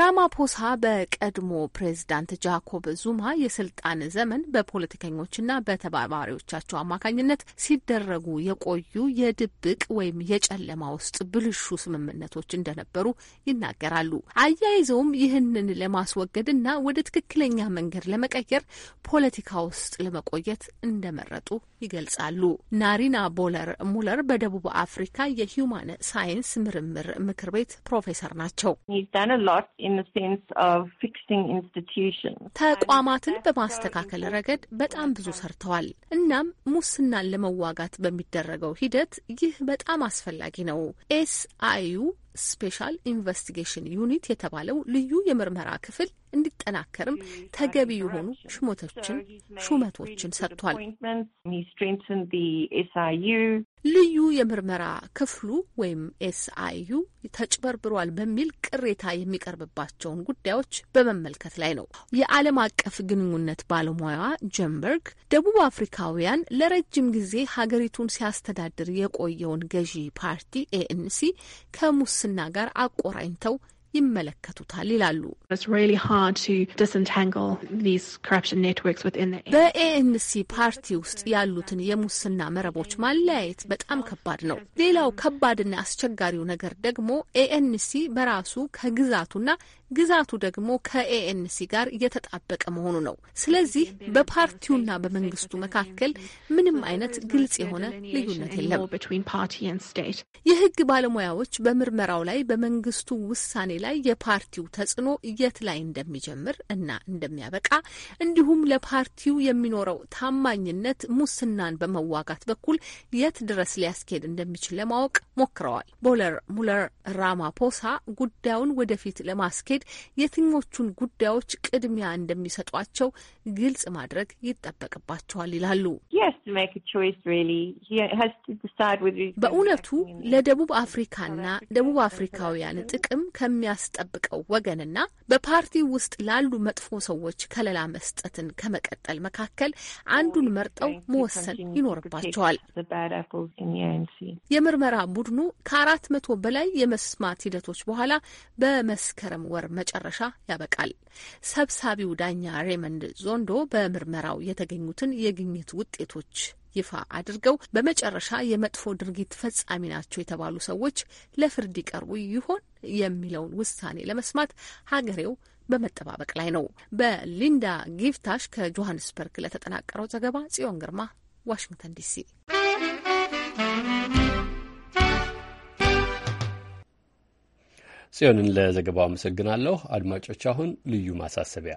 ራማፖሳ በቀድሞ ፕሬዝዳንት ጃኮብ ዙማ የስልጣን ዘመን በፖለቲከኞችና በተባባሪዎቻቸው አማካኝነት ሲደረጉ የቆዩ የድብቅ ወይም የጨለማ ውስጥ ብልሹ ስምምነቶች እንደነበሩ ይናገራሉ። አያይዘውም ይህንን ለማስወገድና ወደ ትክክለኛ መንገድ ለመቀየር ፖለቲካ ውስጥ ለመቆየት እንደመረጡ ይገልጻሉ። ናሪና ቦለር ሙለር በደቡብ አፍሪካ የሂውማን ሳይንስ ምርምር ምክር ቤት ፕሮፌሰር ናቸው። ተቋማትን በማስተካከል ረገድ በጣም ብዙ ሰርተዋል። እናም ሙስናን ለመዋጋት በሚደረገው ሂደት ይህ በጣም አስፈላጊ ነው። ኤስ አዩ ስፔሻል ኢንቨስቲጌሽን ዩኒት የተባለው ልዩ የምርመራ ክፍል እንዲጠናከርም ተገቢ የሆኑ ሹመቶችን ሹመቶችን ሰጥቷል። ልዩ የምርመራ ክፍሉ ወይም ኤስአይዩ ተጭበርብሯል በሚል ቅሬታ የሚቀርብባቸውን ጉዳዮች በመመልከት ላይ ነው። የዓለም አቀፍ ግንኙነት ባለሙያዋ ጀምበርግ ደቡብ አፍሪካውያን ለረጅም ጊዜ ሀገሪቱን ሲያስተዳድር የቆየውን ገዢ ፓርቲ ኤኤንሲ ከሙስና ጋር አቆራኝተው ይመለከቱታል ይላሉ። በኤኤንሲ ፓርቲ ውስጥ ያሉትን የሙስና መረቦች ማለያየት በጣም ከባድ ነው። ሌላው ከባድና አስቸጋሪው ነገር ደግሞ ኤኤንሲ በራሱ ከግዛቱና ግዛቱ ደግሞ ከኤኤንሲ ጋር እየተጣበቀ መሆኑ ነው። ስለዚህ በፓርቲውና በመንግስቱ መካከል ምንም አይነት ግልጽ የሆነ ልዩነት የለም። የህግ ባለሙያዎች በምርመራው ላይ በመንግስቱ ውሳኔ ላይ የፓርቲው ተጽዕኖ የት ላይ እንደሚጀምር እና እንደሚያበቃ እንዲሁም ለፓርቲው የሚኖረው ታማኝነት ሙስናን በመዋጋት በኩል የት ድረስ ሊያስኬድ እንደሚችል ለማወቅ ሞክረዋል። ቦለር ሙለር ራማፖሳ ጉዳዩን ወደፊት ለማስኬድ የትኞቹን ጉዳዮች ቅድሚያ እንደሚሰጧቸው ግልጽ ማድረግ ይጠበቅባቸዋል ይላሉ። በእውነቱ ለደቡብ አፍሪካና ደቡብ አፍሪካውያን ጥቅም ከሚያ ለሚያስጠብቀው ወገንና በፓርቲው ውስጥ ላሉ መጥፎ ሰዎች ከለላ መስጠትን ከመቀጠል መካከል አንዱን መርጠው መወሰን ይኖርባቸዋል። የምርመራ ቡድኑ ከአራት መቶ በላይ የመስማት ሂደቶች በኋላ በመስከረም ወር መጨረሻ ያበቃል። ሰብሳቢው ዳኛ ሬመንድ ዞንዶ በምርመራው የተገኙትን የግኝት ውጤቶች ይፋ አድርገው በመጨረሻ የመጥፎ ድርጊት ፈጻሚ ናቸው የተባሉ ሰዎች ለፍርድ ይቀርቡ ይሆን የሚለውን ውሳኔ ለመስማት ሀገሬው በመጠባበቅ ላይ ነው። በሊንዳ ጊፍታሽ ከጆሀንስበርግ ለተጠናቀረው ዘገባ ጽዮን ግርማ፣ ዋሽንግተን ዲሲ። ጽዮንን ለዘገባው አመሰግናለሁ። አድማጮች፣ አሁን ልዩ ማሳሰቢያ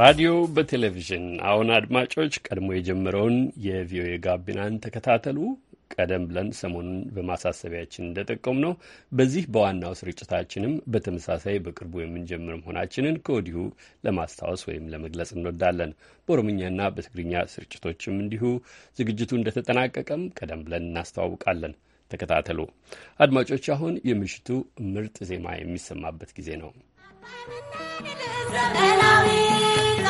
ራዲዮ በቴሌቪዥን አሁን አድማጮች ቀድሞ የጀመረውን የቪኦኤ ጋቢናን ተከታተሉ። ቀደም ብለን ሰሞኑን በማሳሰቢያችን እንደጠቀሙ ነው። በዚህ በዋናው ስርጭታችንም በተመሳሳይ በቅርቡ የምንጀምር መሆናችንን ከወዲሁ ለማስታወስ ወይም ለመግለጽ እንወዳለን። በኦሮምኛና በትግርኛ ስርጭቶችም እንዲሁ ዝግጅቱ እንደተጠናቀቀም ቀደም ብለን እናስተዋውቃለን። ተከታተሉ አድማጮች። አሁን የምሽቱ ምርጥ ዜማ የሚሰማበት ጊዜ ነው።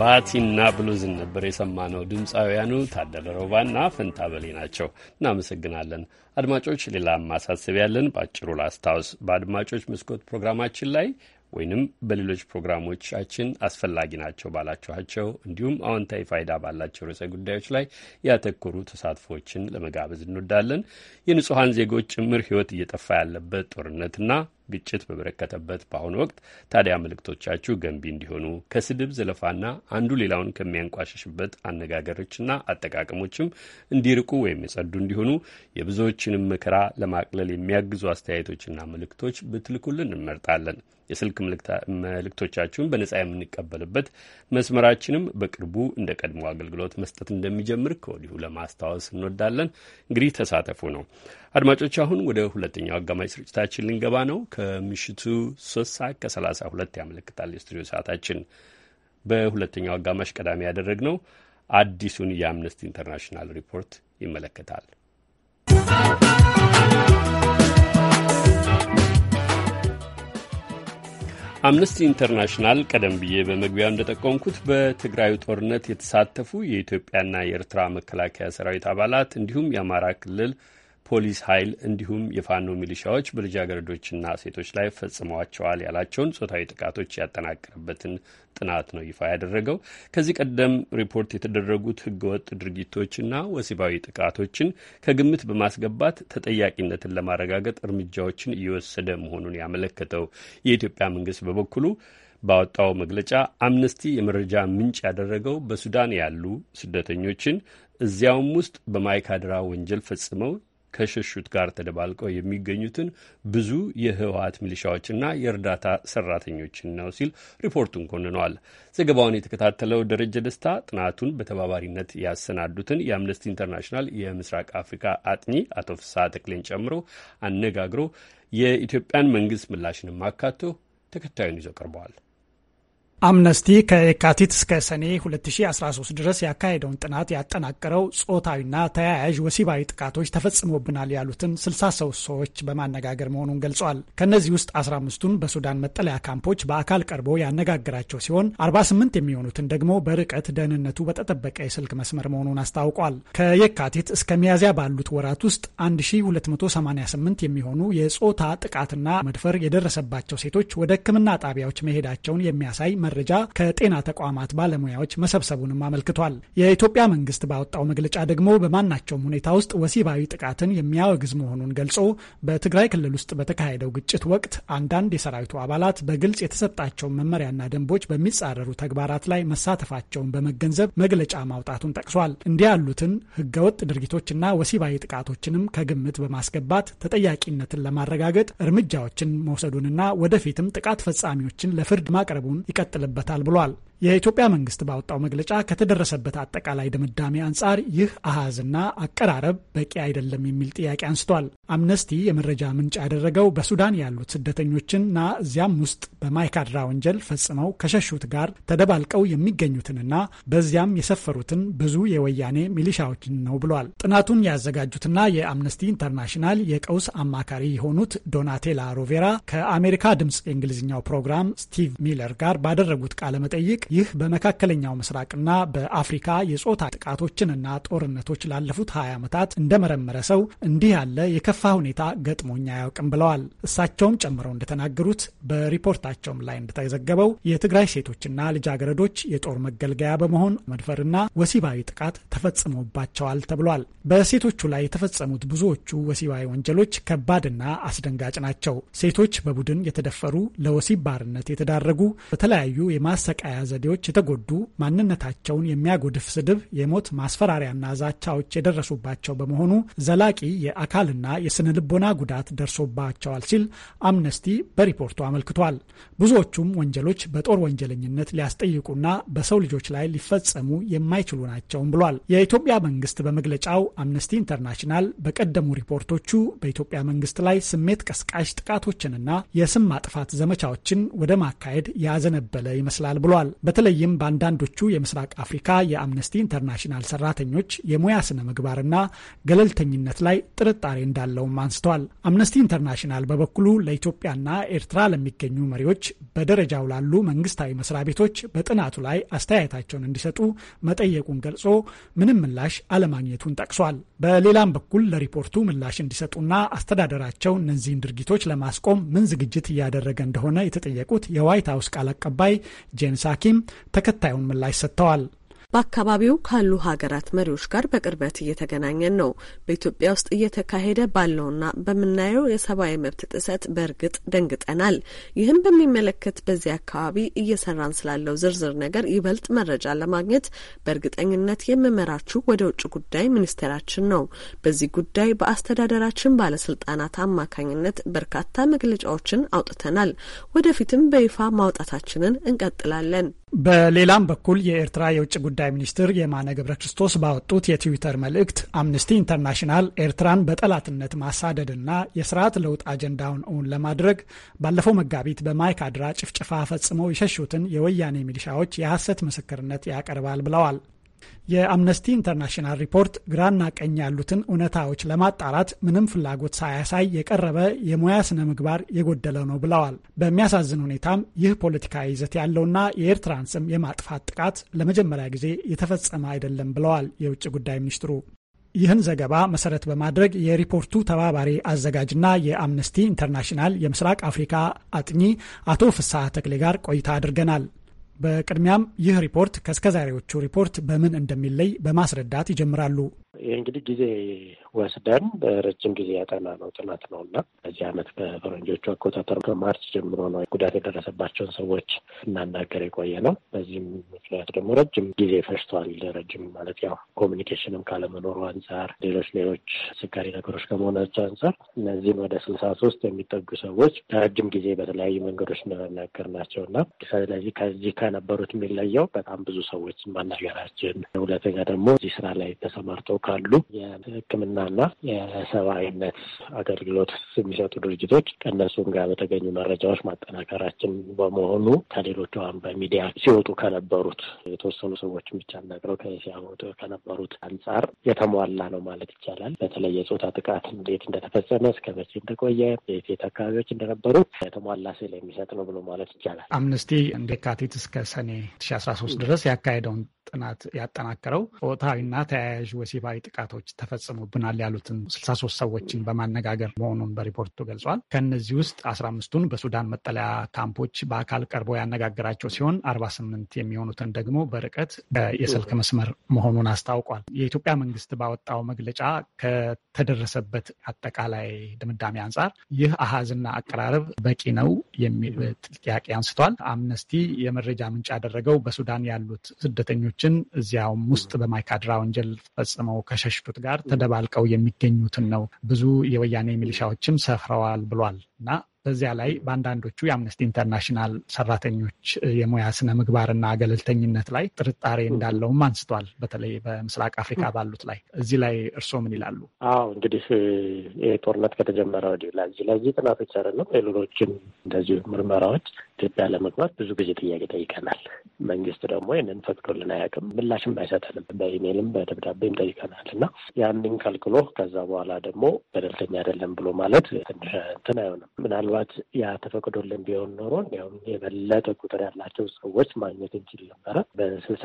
ባቲና ብሉዝን ነበር የሰማነው። ድምፃውያኑ ታደለ ሮባና ፈንታ በሌ ናቸው። እናመሰግናለን። አድማጮች፣ ሌላ ማሳሰብ ያለን በአጭሩ ላስታውስ። በአድማጮች መስኮት ፕሮግራማችን ላይ ወይንም በሌሎች ፕሮግራሞቻችን አስፈላጊ ናቸው ባላችኋቸው እንዲሁም አዎንታዊ ፋይዳ ባላቸው ርዕሰ ጉዳዮች ላይ ያተኮሩ ተሳትፎዎችን ለመጋበዝ እንወዳለን። የንጹሐን ዜጎች ጭምር ሕይወት እየጠፋ ያለበት ጦርነትና ግጭት በበረከተበት በአሁኑ ወቅት ታዲያ መልእክቶቻችሁ ገንቢ እንዲሆኑ ከስድብ ዘለፋና አንዱ ሌላውን ከሚያንቋሸሽበት አነጋገሮችና አጠቃቀሞችም እንዲርቁ ወይም የጸዱ እንዲሆኑ የብዙዎችንም መከራ ለማቅለል የሚያግዙ አስተያየቶችና መልእክቶች ብትልኩልን እንመርጣለን። የስልክ መልእክቶቻችሁን በነጻ የምንቀበልበት መስመራችንም በቅርቡ እንደ ቀድሞ አገልግሎት መስጠት እንደሚጀምር ከወዲሁ ለማስታወስ እንወዳለን። እንግዲህ ተሳተፉ ነው። አድማጮች አሁን ወደ ሁለተኛው አጋማሽ ስርጭታችን ልንገባ ነው። ከምሽቱ ሶስት ሰዓት ከሰላሳ ሁለት ያመለክታል የስቱዲዮ ሰዓታችን። በሁለተኛው አጋማሽ ቀዳሚ ያደረግነው አዲሱን የአምነስቲ ኢንተርናሽናል ሪፖርት ይመለከታል። አምነስቲ ኢንተርናሽናል ቀደም ብዬ በመግቢያው እንደጠቆምኩት በትግራዩ ጦርነት የተሳተፉ የኢትዮጵያና የኤርትራ መከላከያ ሰራዊት አባላት እንዲሁም የአማራ ክልል ፖሊስ ኃይል እንዲሁም የፋኖ ሚሊሻዎች በልጃገረዶችና ሴቶች ላይ ፈጽመዋቸዋል ያላቸውን ጾታዊ ጥቃቶች ያጠናቀረበትን ጥናት ነው ይፋ ያደረገው። ከዚህ ቀደም ሪፖርት የተደረጉት ህገወጥ ድርጊቶችና ወሲባዊ ጥቃቶችን ከግምት በማስገባት ተጠያቂነትን ለማረጋገጥ እርምጃዎችን እየወሰደ መሆኑን ያመለከተው የኢትዮጵያ መንግስት በበኩሉ ባወጣው መግለጫ አምነስቲ የመረጃ ምንጭ ያደረገው በሱዳን ያሉ ስደተኞችን እዚያውም ውስጥ በማይካድራ ወንጀል ፈጽመው ከሸሹት ጋር ተደባልቀው የሚገኙትን ብዙ የህወሀት ሚሊሻዎችና የእርዳታ ሰራተኞችን ነው ሲል ሪፖርቱን ኮንኗል። ዘገባውን የተከታተለው ደረጀ ደስታ ጥናቱን በተባባሪነት ያሰናዱትን የአምነስቲ ኢንተርናሽናል የምስራቅ አፍሪካ አጥኚ አቶ ፍስሐ ተክሌን ጨምሮ አነጋግሮ የኢትዮጵያን መንግስት ምላሽንም አካቶ ተከታዩን ይዞ ቀርበዋል። አምነስቲ ከየካቲት እስከ ሰኔ 2013 ድረስ ያካሄደውን ጥናት ያጠናቀረው ጾታዊና ተያያዥ ወሲባዊ ጥቃቶች ተፈጽሞብናል ያሉትን 60 ሰዎች በማነጋገር መሆኑን ገልጿል። ከእነዚህ ውስጥ 15ቱን በሱዳን መጠለያ ካምፖች በአካል ቀርቦ ያነጋግራቸው ሲሆን 48 የሚሆኑትን ደግሞ በርቀት ደህንነቱ በተጠበቀ የስልክ መስመር መሆኑን አስታውቋል። ከየካቲት እስከ ሚያዝያ ባሉት ወራት ውስጥ 1288 የሚሆኑ የጾታ ጥቃትና መድፈር የደረሰባቸው ሴቶች ወደ ሕክምና ጣቢያዎች መሄዳቸውን የሚያሳይ መረጃ ከጤና ተቋማት ባለሙያዎች መሰብሰቡንም አመልክቷል። የኢትዮጵያ መንግስት ባወጣው መግለጫ ደግሞ በማናቸውም ሁኔታ ውስጥ ወሲባዊ ጥቃትን የሚያወግዝ መሆኑን ገልጾ በትግራይ ክልል ውስጥ በተካሄደው ግጭት ወቅት አንዳንድ የሰራዊቱ አባላት በግልጽ የተሰጣቸውን መመሪያና ደንቦች በሚጻረሩ ተግባራት ላይ መሳተፋቸውን በመገንዘብ መግለጫ ማውጣቱን ጠቅሷል። እንዲህ ያሉትን ህገወጥ ድርጊቶችና ወሲባዊ ጥቃቶችንም ከግምት በማስገባት ተጠያቂነትን ለማረጋገጥ እርምጃዎችን መውሰዱንና ወደፊትም ጥቃት ፈጻሚዎችን ለፍርድ ማቅረቡን ይቀጥላል ይቀጥልበታል ብሏል። የኢትዮጵያ መንግስት ባወጣው መግለጫ ከተደረሰበት አጠቃላይ ድምዳሜ አንጻር ይህ አሃዝና አቀራረብ በቂ አይደለም የሚል ጥያቄ አንስቷል። አምነስቲ የመረጃ ምንጭ ያደረገው በሱዳን ያሉት ስደተኞችንና እዚያም ውስጥ በማይካድራ ወንጀል ፈጽመው ከሸሹት ጋር ተደባልቀው የሚገኙትንና በዚያም የሰፈሩትን ብዙ የወያኔ ሚሊሻዎችን ነው ብሏል። ጥናቱን ያዘጋጁትና የአምነስቲ ኢንተርናሽናል የቀውስ አማካሪ የሆኑት ዶናቴላ ሮቬራ ከአሜሪካ ድምፅ የእንግሊዝኛው ፕሮግራም ስቲቭ ሚለር ጋር ባደረጉት ቃለ መጠይቅ ይህ በመካከለኛው ምስራቅና በአፍሪካ የጾታ ጥቃቶችንና ጦርነቶች ላለፉት 20 ዓመታት እንደመረመረ ሰው እንዲህ ያለ የከፋ ሁኔታ ገጥሞኝ አያውቅም ብለዋል። እሳቸውም ጨምረው እንደተናገሩት በሪፖርታቸውም ላይ እንደተዘገበው የትግራይ ሴቶችና ልጃገረዶች የጦር መገልገያ በመሆን መድፈርና ወሲባዊ ጥቃት ተፈጽሞባቸዋል ተብሏል። በሴቶቹ ላይ የተፈጸሙት ብዙዎቹ ወሲባዊ ወንጀሎች ከባድና አስደንጋጭ ናቸው። ሴቶች በቡድን የተደፈሩ፣ ለወሲብ ባርነት የተዳረጉ፣ በተለያዩ የማሰቃያ ዘዴዎች የተጎዱ ማንነታቸውን የሚያጎድፍ ስድብ፣ የሞት ማስፈራሪያና ዛቻዎች የደረሱባቸው በመሆኑ ዘላቂ የአካልና የስነ ልቦና ጉዳት ደርሶባቸዋል ሲል አምነስቲ በሪፖርቱ አመልክቷል። ብዙዎቹም ወንጀሎች በጦር ወንጀለኝነት ሊያስጠይቁና በሰው ልጆች ላይ ሊፈጸሙ የማይችሉ ናቸውም ብሏል። የኢትዮጵያ መንግስት በመግለጫው አምነስቲ ኢንተርናሽናል በቀደሙ ሪፖርቶቹ በኢትዮጵያ መንግስት ላይ ስሜት ቀስቃሽ ጥቃቶችንና የስም ማጥፋት ዘመቻዎችን ወደ ማካሄድ ያዘነበለ ይመስላል ብሏል። በተለይም በአንዳንዶቹ የምስራቅ አፍሪካ የአምነስቲ ኢንተርናሽናል ሰራተኞች የሙያ ስነ ምግባርና ገለልተኝነት ላይ ጥርጣሬ እንዳለውም አንስተዋል። አምነስቲ ኢንተርናሽናል በበኩሉ ለኢትዮጵያና ኤርትራ ለሚገኙ መሪዎች፣ በደረጃው ላሉ መንግስታዊ መስሪያ ቤቶች በጥናቱ ላይ አስተያየታቸውን እንዲሰጡ መጠየቁን ገልጾ ምንም ምላሽ አለማግኘቱን ጠቅሷል። በሌላም በኩል ለሪፖርቱ ምላሽ እንዲሰጡና አስተዳደራቸው እነዚህን ድርጊቶች ለማስቆም ምን ዝግጅት እያደረገ እንደሆነ የተጠየቁት የዋይት ሀውስ ቃል አቀባይ ጄን ሳኪም ተከታዩን ምላሽ ሰጥተዋል። በአካባቢው ካሉ ሀገራት መሪዎች ጋር በቅርበት እየተገናኘን ነው። በኢትዮጵያ ውስጥ እየተካሄደ ባለውና በምናየው የሰብአዊ መብት ጥሰት በእርግጥ ደንግጠናል። ይህም በሚመለከት በዚህ አካባቢ እየሰራን ስላለው ዝርዝር ነገር ይበልጥ መረጃ ለማግኘት በእርግጠኝነት የምመራችሁ ወደ ውጭ ጉዳይ ሚኒስቴራችን ነው። በዚህ ጉዳይ በአስተዳደራችን ባለስልጣናት አማካኝነት በርካታ መግለጫዎችን አውጥተናል። ወደፊትም በይፋ ማውጣታችንን እንቀጥላለን። በሌላም በኩል የኤርትራ የውጭ ጉዳይ ሚኒስትር የማነ ገብረ ክርስቶስ ባወጡት የትዊተር መልእክት አምነስቲ ኢንተርናሽናል ኤርትራን በጠላትነት ማሳደድና የስርዓት ለውጥ አጀንዳውን እውን ለማድረግ ባለፈው መጋቢት በማይካድራ ጭፍጭፋ ፈጽመው የሸሹትን የወያኔ ሚሊሻዎች የሐሰት ምስክርነት ያቀርባል ብለዋል። የአምነስቲ ኢንተርናሽናል ሪፖርት ግራና ቀኝ ያሉትን እውነታዎች ለማጣራት ምንም ፍላጎት ሳያሳይ የቀረበ የሙያ ስነ ምግባር የጎደለ ነው ብለዋል። በሚያሳዝን ሁኔታም ይህ ፖለቲካዊ ይዘት ያለውና የኤርትራን ስም የማጥፋት ጥቃት ለመጀመሪያ ጊዜ የተፈጸመ አይደለም ብለዋል የውጭ ጉዳይ ሚኒስትሩ። ይህን ዘገባ መሰረት በማድረግ የሪፖርቱ ተባባሪ አዘጋጅና የአምነስቲ ኢንተርናሽናል የምስራቅ አፍሪካ አጥኚ አቶ ፍስሐ ተክሌ ጋር ቆይታ አድርገናል። በቅድሚያም ይህ ሪፖርት ከእስከዛሬዎቹ ሪፖርት በምን እንደሚለይ በማስረዳት ይጀምራሉ። ይህ እንግዲህ ጊዜ ወስደን በረጅም ጊዜ ያጠና ነው ጥናት ነው እና በዚህ አመት በፈረንጆቹ አቆጣጠር ከማርች ጀምሮ ነው ጉዳት የደረሰባቸውን ሰዎች እናናገር የቆየ ነው። በዚህም ምክንያት ደግሞ ረጅም ጊዜ ፈጅቷል። ረጅም ማለት ያው ኮሚኒኬሽንም ካለመኖሩ አንጻር፣ ሌሎች ሌሎች ስካሪ ነገሮች ከመሆናቸው አንጻር እነዚህን ወደ ስልሳ ሶስት የሚጠጉ ሰዎች ለረጅም ጊዜ በተለያዩ መንገዶች እናናገር ናቸው እና ስለዚህ ከዚህ ከነበሩት የሚለየው በጣም ብዙ ሰዎች ማናገራችን፣ ሁለተኛ ደግሞ እዚህ ስራ ላይ ተሰማርተው ካሉ የህክምና የጤናና የሰብአዊነት አገልግሎት የሚሰጡ ድርጅቶች ከእነሱም ጋር በተገኙ መረጃዎች ማጠናከራችን በመሆኑ ከሌሎቹ አሁን በሚዲያ ሲወጡ ከነበሩት የተወሰኑ ሰዎች ብቻ ነግረው ሲያወጡ ከነበሩት አንጻር የተሟላ ነው ማለት ይቻላል። በተለይ የጾታ ጥቃት እንዴት እንደተፈጸመ እስከ መቼ እንደቆየ የሴት አካባቢዎች እንደነበሩ የተሟላ ስዕል የሚሰጥ ነው ብሎ ማለት ይቻላል። አምነስቲ እንደ የካቲት እስከ ሰኔ 2013 ድረስ ያካሄደውን ጥናት ያጠናከረው ጾታዊና ተያያዥ ወሲባዊ ጥቃቶች ተፈጽሞብናል ይሆናል ያሉትን 63 ሰዎችን በማነጋገር መሆኑን በሪፖርቱ ገልጿል። ከእነዚህ ውስጥ 15ቱን በሱዳን መጠለያ ካምፖች በአካል ቀርቦ ያነጋገራቸው ሲሆን 48 የሚሆኑትን ደግሞ በርቀት የስልክ መስመር መሆኑን አስታውቋል። የኢትዮጵያ መንግስት ባወጣው መግለጫ ከተደረሰበት አጠቃላይ ድምዳሜ አንጻር ይህ አሃዝና አቀራረብ በቂ ነው የሚል ጥያቄ አንስቷል። አምነስቲ የመረጃ ምንጭ ያደረገው በሱዳን ያሉት ስደተኞችን እዚያውም ውስጥ በማይካድራ ወንጀል ፈጽመው ከሸሽቱት ጋር ተደባልቀው ተደብቀው የሚገኙትን ነው። ብዙ የወያኔ ሚሊሻዎችም ሰፍረዋል ብሏል እና በዚያ ላይ በአንዳንዶቹ የአምነስቲ ኢንተርናሽናል ሰራተኞች የሙያ ስነ ምግባርና ገለልተኝነት ላይ ጥርጣሬ እንዳለውም አንስቷል። በተለይ በምስራቅ አፍሪካ ባሉት ላይ እዚህ ላይ እርስዎ ምን ይላሉ? አዎ እንግዲህ ይህ ጦርነት ከተጀመረ ወዲህ ለዚህ ለዚህ ጥናቶች አይደለም ሌሎችን እንደዚሁ ምርመራዎች ኢትዮጵያ ለመግባት ብዙ ጊዜ ጥያቄ ጠይቀናል። መንግስት ደግሞ ይህንን ፈቅዶልን አያውቅም፣ ምላሽም አይሰጠንም። በኢሜይልም በደብዳቤም ጠይቀናል እና ያንን ከልክሎ ከዛ በኋላ ደግሞ ገለልተኛ አይደለም ብሎ ማለት ትንሽ እንትን አይሆንም ምናል ምናልባት ያ ተፈቅዶልን ቢሆን ኖሮ እንዲያውም የበለጠ ቁጥር ያላቸው ሰዎች ማግኘት እንችል ነበረ። በስልሳ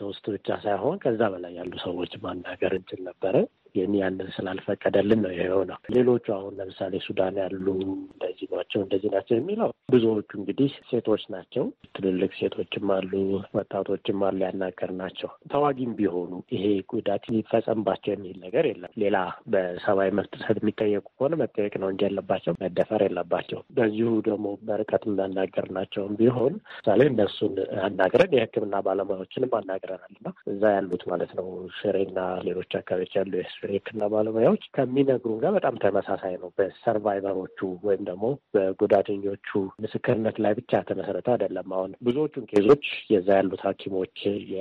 ሶስት ብቻ ሳይሆን ከዛ በላይ ያሉ ሰዎች ማናገር እንችል ነበረ። ግን ያንን ስላልፈቀደልን ነው የሆነው። ሌሎቹ አሁን ለምሳሌ ሱዳን ያሉ እንደዚህ ናቸው እንደዚህ ናቸው የሚለው ብዙዎቹ እንግዲህ ሴቶች ናቸው። ትልልቅ ሴቶችም አሉ፣ ወጣቶችም አሉ ያናገር ናቸው። ተዋጊም ቢሆኑ ይሄ ጉዳት ሊፈጸምባቸው የሚል ነገር የለም። ሌላ በሰብአዊ መብት ጥሰት የሚጠየቁ ከሆነ መጠየቅ ነው እንጂ የለባቸው መደፈር የለባቸው። በዚሁ ደግሞ በርቀት እናናገር ናቸውም ቢሆን ምሳሌ እነሱን አናግረን የህክምና ባለሙያዎችንም አናግረናል እና እዛ ያሉት ማለት ነው ሽሬና ሌሎች አካባቢዎች ያሉ እና ባለሙያዎች ከሚነግሩን ጋር በጣም ተመሳሳይ ነው። በሰርቫይቨሮቹ ወይም ደግሞ በጉዳተኞቹ ምስክርነት ላይ ብቻ ተመሰረተ አይደለም። አሁን ብዙዎቹን ኬዞች የዛ ያሉት ሐኪሞች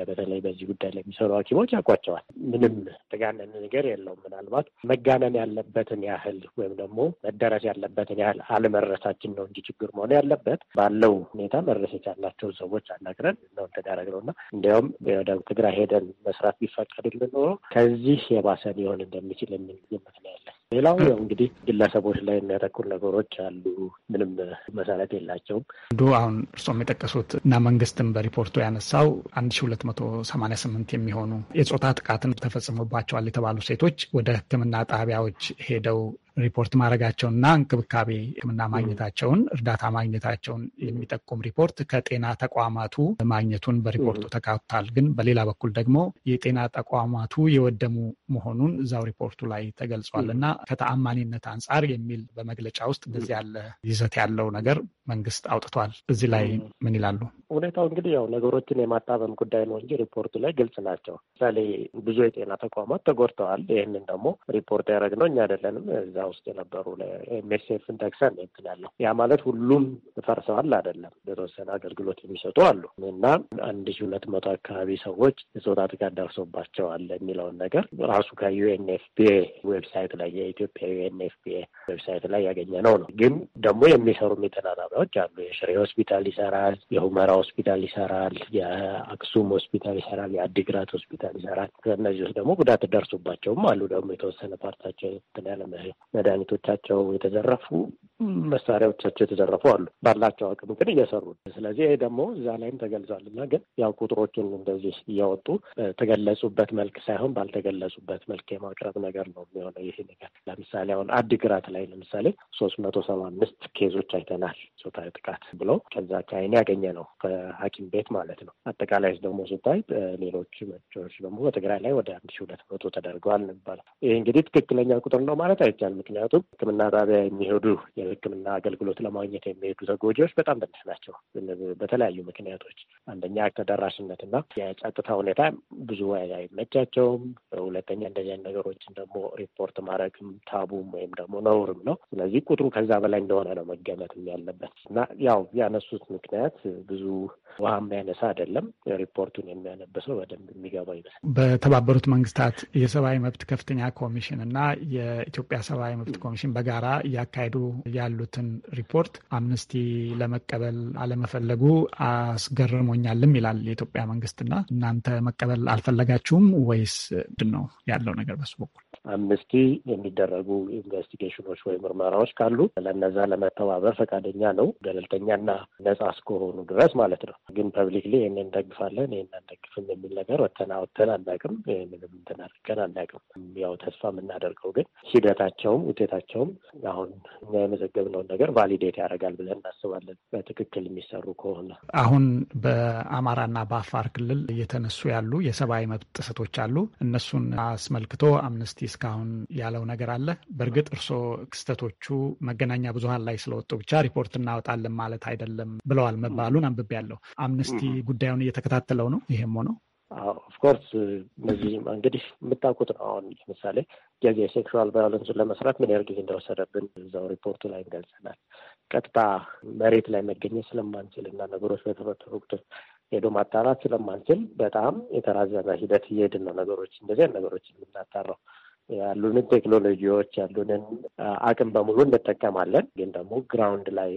በተለይ በዚህ ጉዳይ ላይ የሚሰሩ ሐኪሞች ያውቋቸዋል። ምንም ተጋነን ነገር የለውም። ምናልባት መጋነን ያለበትን ያህል ወይም ደግሞ መደረስ ያለበትን ያህል አለመረሳችን ነው እንጂ ችግር መሆን ያለበት ባለው ሁኔታ መረስ የቻላቸው ሰዎች አናግረን ነው እንትን ነው እና እንዲያውም ወደ ትግራይ ሄደን መስራት ቢፈቀድልን ኖሮ ከዚህ የባሰን ሊሆን እንደሚችል የሚል ግምት ነው ያለ። ሌላው ያው እንግዲህ ግለሰቦች ላይ የሚያተኩር ነገሮች አሉ። ምንም መሰረት የላቸውም። አንዱ አሁን እርስዎም የጠቀሱት እና መንግስትም በሪፖርቱ ያነሳው አንድ ሺ ሁለት መቶ ሰማኒያ ስምንት የሚሆኑ የጾታ ጥቃትን ተፈጽሞባቸዋል የተባሉ ሴቶች ወደ ሕክምና ጣቢያዎች ሄደው ሪፖርት ማድረጋቸውን እንክብካቤ ሕክምና ማግኘታቸውን እርዳታ ማግኘታቸውን የሚጠቁም ሪፖርት ከጤና ተቋማቱ ማግኘቱን በሪፖርቱ ተካቷል። ግን በሌላ በኩል ደግሞ የጤና ተቋማቱ የወደሙ መሆኑን እዛው ሪፖርቱ ላይ ተገልጿል እና ከተአማኒነት አንጻር የሚል በመግለጫ ውስጥ እንደዚህ ያለ ይዘት ያለው ነገር መንግስት አውጥቷል። እዚህ ላይ ምን ይላሉ? ሁኔታው እንግዲህ ያው ነገሮችን የማጣበም ጉዳይ ነው እንጂ ሪፖርቱ ላይ ግልጽ ናቸው። ምሳሌ ብዙ የጤና ተቋማት ተጎድተዋል። ይህንን ደግሞ ሪፖርት ያደረግነው እኛ አይደለንም እዛ ኢትዮጵያ ውስጥ የነበሩ ኤምኤስኤፍን ጠቅሰን እንትን ያለው ያ ማለት ሁሉም ፈርሰዋል አይደለም። የተወሰነ አገልግሎት የሚሰጡ አሉ እና አንድ ሺ ሁለት መቶ አካባቢ ሰዎች የጾታ ጥቃት ደርሶባቸዋል የሚለውን ነገር ራሱ ከዩኤንኤፍፒኤ ዌብሳይት ላይ የኢትዮጵያ ዩኤንኤፍፒኤ ዌብሳይት ላይ ያገኘ ነው ነው ግን ደግሞ የሚሰሩ ሚተናናቢያዎች አሉ። የሽሬ ሆስፒታል ይሰራል፣ የሁመራ ሆስፒታል ይሰራል፣ የአክሱም ሆስፒታል ይሰራል፣ የአዲግራት ሆስፒታል ይሰራል። ከእነዚህ ውስጥ ደግሞ ጉዳት ደርሶባቸውም አሉ ደግሞ የተወሰነ ፓርታቸው ትን መድኃኒቶቻቸው የተዘረፉ፣ መሳሪያዎቻቸው የተዘረፉ አሉ። ባላቸው አቅም ግን እየሰሩ ስለዚህ ይሄ ደግሞ እዛ ላይም ተገልጿል እና ግን ያው ቁጥሮችን እንደዚህ እያወጡ በተገለጹበት መልክ ሳይሆን ባልተገለጹበት መልክ የማቅረብ ነገር ነው የሚሆነው። ይሄ ነገር ለምሳሌ አሁን አዲግራት ላይ ለምሳሌ ሶስት መቶ ሰባ አምስት ኬዞች አይተናል ጾታዊ ጥቃት ብሎ ከዛ ከአይን ያገኘ ነው ከሐኪም ቤት ማለት ነው። አጠቃላይ ደግሞ ስታይ ሌሎች መጪዎች ደግሞ በትግራይ ላይ ወደ አንድ ሺ ሁለት መቶ ተደርገዋል ነው ይህ እንግዲህ ትክክለኛ ቁጥር ነው ማለት አይቻልም። ምክንያቱም ሕክምና ጣቢያ የሚሄዱ የሕክምና አገልግሎት ለማግኘት የሚሄዱ ተጎጂዎች በጣም ትንሽ ናቸው። በተለያዩ ምክንያቶች አንደኛ ተደራሽነትና የጸጥታ ሁኔታ ብዙ አይመቻቸውም። ሁለተኛ እንደዚህ ነገሮችን ደግሞ ሪፖርት ማድረግም ታቡም ወይም ደግሞ ነውርም ነው። ስለዚህ ቁጥሩ ከዛ በላይ እንደሆነ ነው መገመትም ያለበት እና ያው ያነሱት ምክንያት ብዙ ውሃ የሚያነሳ አይደለም። ሪፖርቱን የሚያነበሰው በደንብ የሚገባው ይመስል በተባበሩት መንግስታት የሰብአዊ መብት ከፍተኛ ኮሚሽን እና የኢትዮጵያ ሰብ የሰብአዊ መብት ኮሚሽን በጋራ እያካሄዱ ያሉትን ሪፖርት አምነስቲ ለመቀበል አለመፈለጉ አስገርሞኛልም ይላል የኢትዮጵያ መንግስትና እናንተ መቀበል አልፈለጋችሁም ወይስ ምንድን ነው ያለው ነገር በሱ በኩል? አምስቲ የሚደረጉ ኢንቨስቲጌሽኖች ወይም ምርመራዎች ካሉ ለነዛ ለመተባበር ፈቃደኛ ነው፣ ገለልተኛና ነጻ እስከሆኑ ድረስ ማለት ነው። ግን ፐብሊክሊ ይህን እንደግፋለን፣ ይህን አንደግፍም የሚል ነገር ወተን አወተን አናውቅም። ምንም እንትን አድርገን ያው ተስፋ የምናደርገው ግን ሂደታቸውም ውጤታቸውም አሁን እኛ የመዘገብነውን ነገር ቫሊዴት ያደርጋል ብለን እናስባለን፣ በትክክል የሚሰሩ ከሆነ። አሁን በአማራና በአፋር ክልል እየተነሱ ያሉ የሰብአዊ መብት ጥሰቶች አሉ። እነሱን አስመልክቶ አምነስቲ እስካሁን ያለው ነገር አለ? በእርግጥ እርስዎ ክስተቶቹ መገናኛ ብዙሃን ላይ ስለወጡ ብቻ ሪፖርት እናወጣለን ማለት አይደለም ብለዋል መባሉን አንብቤያለሁ። አምነስቲ ጉዳዩን እየተከታተለው ነው። ይሄም ሆነው ኦፍኮርስ እነዚህ እንግዲህ የምታውቁት ነው። አሁን ለምሳሌ የሴክሹዋል ቫዮለንሱን ለመስራት ምን ያህል ጊዜ እንደወሰደብን እዛው ሪፖርቱ ላይ ገልጸናል። ቀጥታ መሬት ላይ መገኘት ስለማንችል እና ነገሮች በተፈጠሩ ቁጥር ሄዶ ማጣራት ስለማንችል በጣም የተራዘመ ሂደት እየሄድን ነው ነገሮች እንደዚያን ነገሮች የምናጣራው ያሉንን ቴክኖሎጂዎች ያሉንን አቅም በሙሉ እንጠቀማለን። ግን ደግሞ ግራውንድ ላይ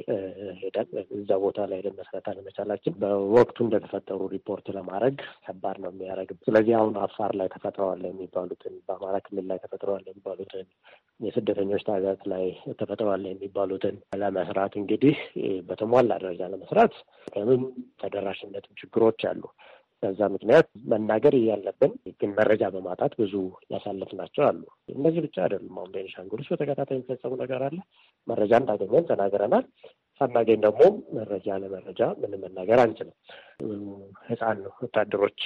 ሄደን እዛ ቦታ ላይ ሄደን መስራት አለመቻላችን በወቅቱ እንደተፈጠሩ ሪፖርት ለማድረግ ከባድ ነው የሚያደርግ። ስለዚህ አሁን አፋር ላይ ተፈጥረዋል የሚባሉትን በአማራ ክልል ላይ ተፈጥረዋል የሚባሉትን የስደተኞች ታጋት ላይ ተፈጥረዋል የሚባሉትን ለመስራት እንግዲህ በተሟላ ደረጃ ለመስራት ከምም ተደራሽነትም ችግሮች አሉ። በዛ ምክንያት መናገር ያለብን ግን መረጃ በማጣት ብዙ ያሳለፍናቸው አሉ። እነዚህ ብቻ አይደሉም። አሁን ቤኒሻንጉል ውስጥ በተከታታይ የሚፈጸሙ ነገር አለ። መረጃ እንዳገኘን ተናግረናል። ሳናገኝ ደግሞ መረጃ ለመረጃ ምን መናገር አንችልም። ህፃን ወታደሮች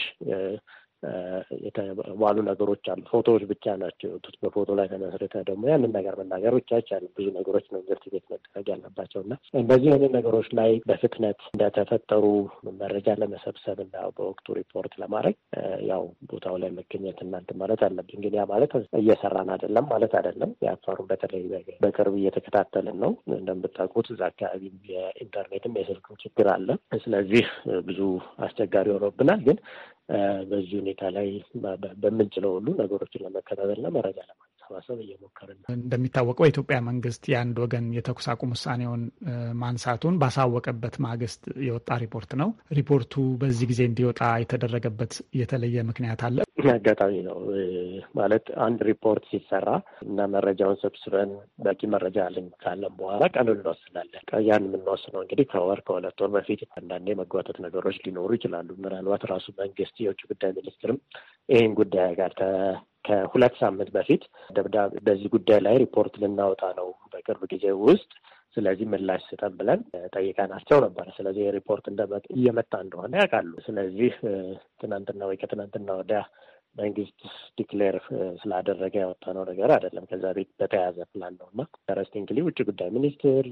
የተባሉ ነገሮች አሉ። ፎቶዎች ብቻ ናቸው የወጡት። በፎቶ ላይ ተመስርተ ደግሞ ያንን ነገር መናገር ብቻ አይቻልም። ብዙ ነገሮች ነው ቤት መደረግ ያለባቸው እና እንደዚህ አይነት ነገሮች ላይ በፍጥነት እንደተፈጠሩ መረጃ ለመሰብሰብ እና በወቅቱ ሪፖርት ለማድረግ ያው ቦታው ላይ መገኘት እናንት ማለት አለብን። ግን ያ ማለት እየሰራን አይደለም ማለት አይደለም። የአፋሩ በተለይ በቅርብ እየተከታተልን ነው። እንደምታውቁት እዛ አካባቢ የኢንተርኔትም የስልክም ችግር አለ። ስለዚህ ብዙ አስቸጋሪ ሆኖብናል ግን በዚህ ሁኔታ ላይ በምንችለው ሁሉ ነገሮችን ለመከታተልና መረጃ ለማሰባሰብ እየሞከርን ነው። እንደሚታወቀው የኢትዮጵያ መንግስት የአንድ ወገን የተኩስ አቁም ውሳኔውን ማንሳቱን ባሳወቀበት ማግስት የወጣ ሪፖርት ነው። ሪፖርቱ በዚህ ጊዜ እንዲወጣ የተደረገበት የተለየ ምክንያት አለ? አጋጣሚ ነው ማለት አንድ ሪፖርት ሲሰራ እና መረጃውን ሰብስበን በቂ መረጃ አለኝ ካለን በኋላ ቀኑን እንወስናለን። ያን የምንወስነው እንግዲህ ከወር ከሁለት ወር በፊት አንዳንዴ መጓተት ነገሮች ሊኖሩ ይችላሉ። ምናልባት ራሱ መንግስት የውጭ ጉዳይ ሚኒስትርም ይህን ጉዳይ ጋር ከሁለት ሳምንት በፊት ደብዳቤ በዚህ ጉዳይ ላይ ሪፖርት ልናወጣ ነው በቅርብ ጊዜ ውስጥ ስለዚህ ምላሽ ስጠን ብለን ጠይቀናቸው ነበረ። ስለዚህ ሪፖርት እየመጣ እንደሆነ ያውቃሉ። ስለዚህ ትናንትና ወይ ከትናንትና ወዲያ መንግስት ዲክሌር ስላደረገ ያወጣ ነው ነገር አይደለም። ከዛ ቤት በተያያዘ ፕላን ነው እና ኢንተረስቲንግሊ ውጭ ጉዳይ ሚኒስትር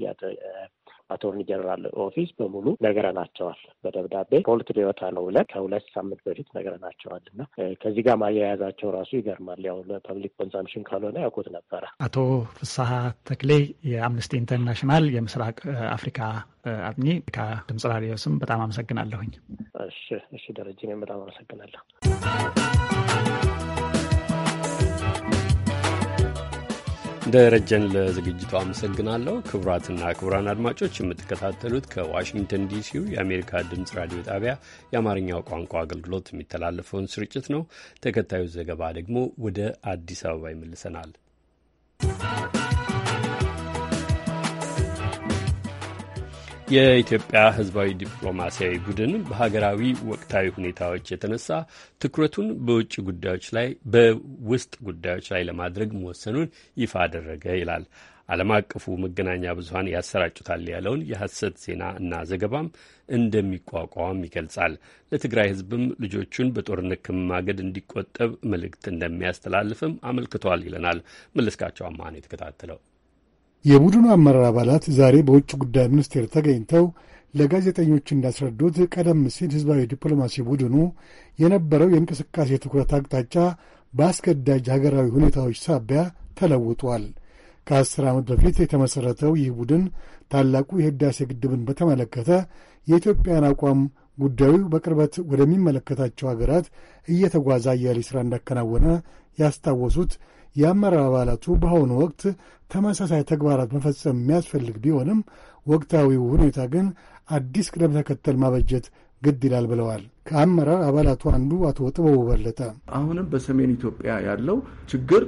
አቶርኒ ጀነራል ኦፊስ በሙሉ ነግረናቸዋል። በደብዳቤ ፖልት ሊወጣ ነው ብለን ከሁለት ሳምንት በፊት ነግረናቸዋል እና ከዚህ ጋር ማያያዛቸው ራሱ ይገርማል። ያው ለፐብሊክ ኮንሳምሽን ካልሆነ ያውቁት ነበረ። አቶ ፍስሀ ተክሌ የአምነስቲ ኢንተርናሽናል የምስራቅ አፍሪካ አጥኚ፣ ከድምጽ ራዲዮ ስም በጣም አመሰግናለሁኝ። እሺ፣ እሺ ደረጀ፣ እኔም በጣም አመሰግናለሁ። ደረጀን ለዝግጅቱ አመሰግናለሁ። ክቡራትና ክቡራን አድማጮች የምትከታተሉት ከዋሽንግተን ዲሲው የአሜሪካ ድምፅ ራዲዮ ጣቢያ የአማርኛው ቋንቋ አገልግሎት የሚተላለፈውን ስርጭት ነው። ተከታዩ ዘገባ ደግሞ ወደ አዲስ አበባ ይመልሰናል። የኢትዮጵያ ሕዝባዊ ዲፕሎማሲያዊ ቡድን በሀገራዊ ወቅታዊ ሁኔታዎች የተነሳ ትኩረቱን በውጭ ጉዳዮች ላይ በውስጥ ጉዳዮች ላይ ለማድረግ መወሰኑን ይፋ አደረገ ይላል። ዓለም አቀፉ መገናኛ ብዙኃን ያሰራጩታል ያለውን የሐሰት ዜና እና ዘገባም እንደሚቋቋም ይገልጻል። ለትግራይ ህዝብም ልጆቹን በጦርነት ከመማገድ እንዲቆጠብ መልእክት እንደሚያስተላልፍም አመልክቷል ይለናል። መለስካቸው አማን የተከታተለው የቡድኑ አመራር አባላት ዛሬ በውጭ ጉዳይ ሚኒስቴር ተገኝተው ለጋዜጠኞች እንዳስረዱት ቀደም ሲል ሕዝባዊ ዲፕሎማሲ ቡድኑ የነበረው የእንቅስቃሴ ትኩረት አቅጣጫ በአስገዳጅ ሀገራዊ ሁኔታዎች ሳቢያ ተለውጧል። ከአስር ዓመት በፊት የተመሠረተው ይህ ቡድን ታላቁ የህዳሴ ግድብን በተመለከተ የኢትዮጵያን አቋም ጉዳዩ በቅርበት ወደሚመለከታቸው አገራት እየተጓዘ አያሌ ሥራ እንዳከናወነ ያስታወሱት የአመራር አባላቱ በአሁኑ ወቅት ተመሳሳይ ተግባራት መፈጸም የሚያስፈልግ ቢሆንም ወቅታዊው ሁኔታ ግን አዲስ ቅደም ተከተል ማበጀት ግድ ይላል ብለዋል። ከአመራር አባላቱ አንዱ አቶ ጥበቡ በለጠ አሁንም በሰሜን ኢትዮጵያ ያለው ችግር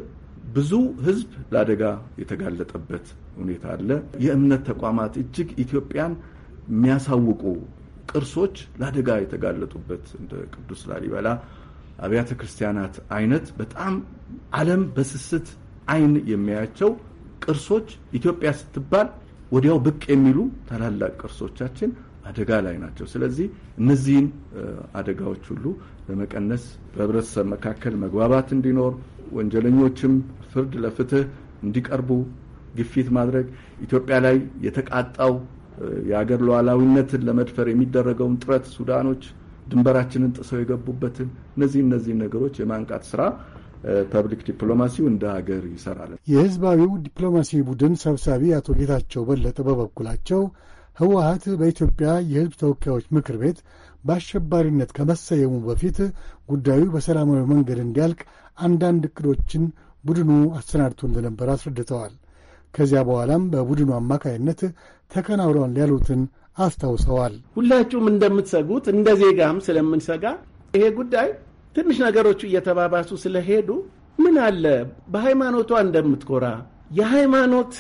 ብዙ ሕዝብ ለአደጋ የተጋለጠበት ሁኔታ አለ። የእምነት ተቋማት እጅግ ኢትዮጵያን የሚያሳውቁ ቅርሶች ለአደጋ የተጋለጡበት እንደ ቅዱስ ላሊበላ አብያተ ክርስቲያናት አይነት በጣም ዓለም በስስት አይን የሚያያቸው ቅርሶች ኢትዮጵያ ስትባል ወዲያው ብቅ የሚሉ ታላላቅ ቅርሶቻችን አደጋ ላይ ናቸው። ስለዚህ እነዚህን አደጋዎች ሁሉ ለመቀነስ በህብረተሰብ መካከል መግባባት እንዲኖር፣ ወንጀለኞችም ፍርድ ለፍትህ እንዲቀርቡ ግፊት ማድረግ፣ ኢትዮጵያ ላይ የተቃጣው የአገር ሉዓላዊነትን ለመድፈር የሚደረገውን ጥረት ሱዳኖች ድንበራችንን ጥሰው የገቡበትን እነዚህ እነዚህ ነገሮች የማንቃት ስራ ፐብሊክ ዲፕሎማሲው እንደ ሀገር ይሰራል። የህዝባዊው ዲፕሎማሲ ቡድን ሰብሳቢ አቶ ጌታቸው በለጠ በበኩላቸው ህወሀት በኢትዮጵያ የህዝብ ተወካዮች ምክር ቤት በአሸባሪነት ከመሰየሙ በፊት ጉዳዩ በሰላማዊ መንገድ እንዲያልቅ አንዳንድ እቅዶችን ቡድኑ አሰናድቶ እንደነበር አስረድተዋል። ከዚያ በኋላም በቡድኑ አማካይነት ተከናውረዋል ያሉትን አስታውሰዋል። ሁላችሁም እንደምትሰጉት እንደ ዜጋም ስለምንሰጋ ይሄ ጉዳይ ትንሽ ነገሮቹ እየተባባሱ ስለሄዱ ምን አለ በሃይማኖቷ እንደምትኮራ የሃይማኖት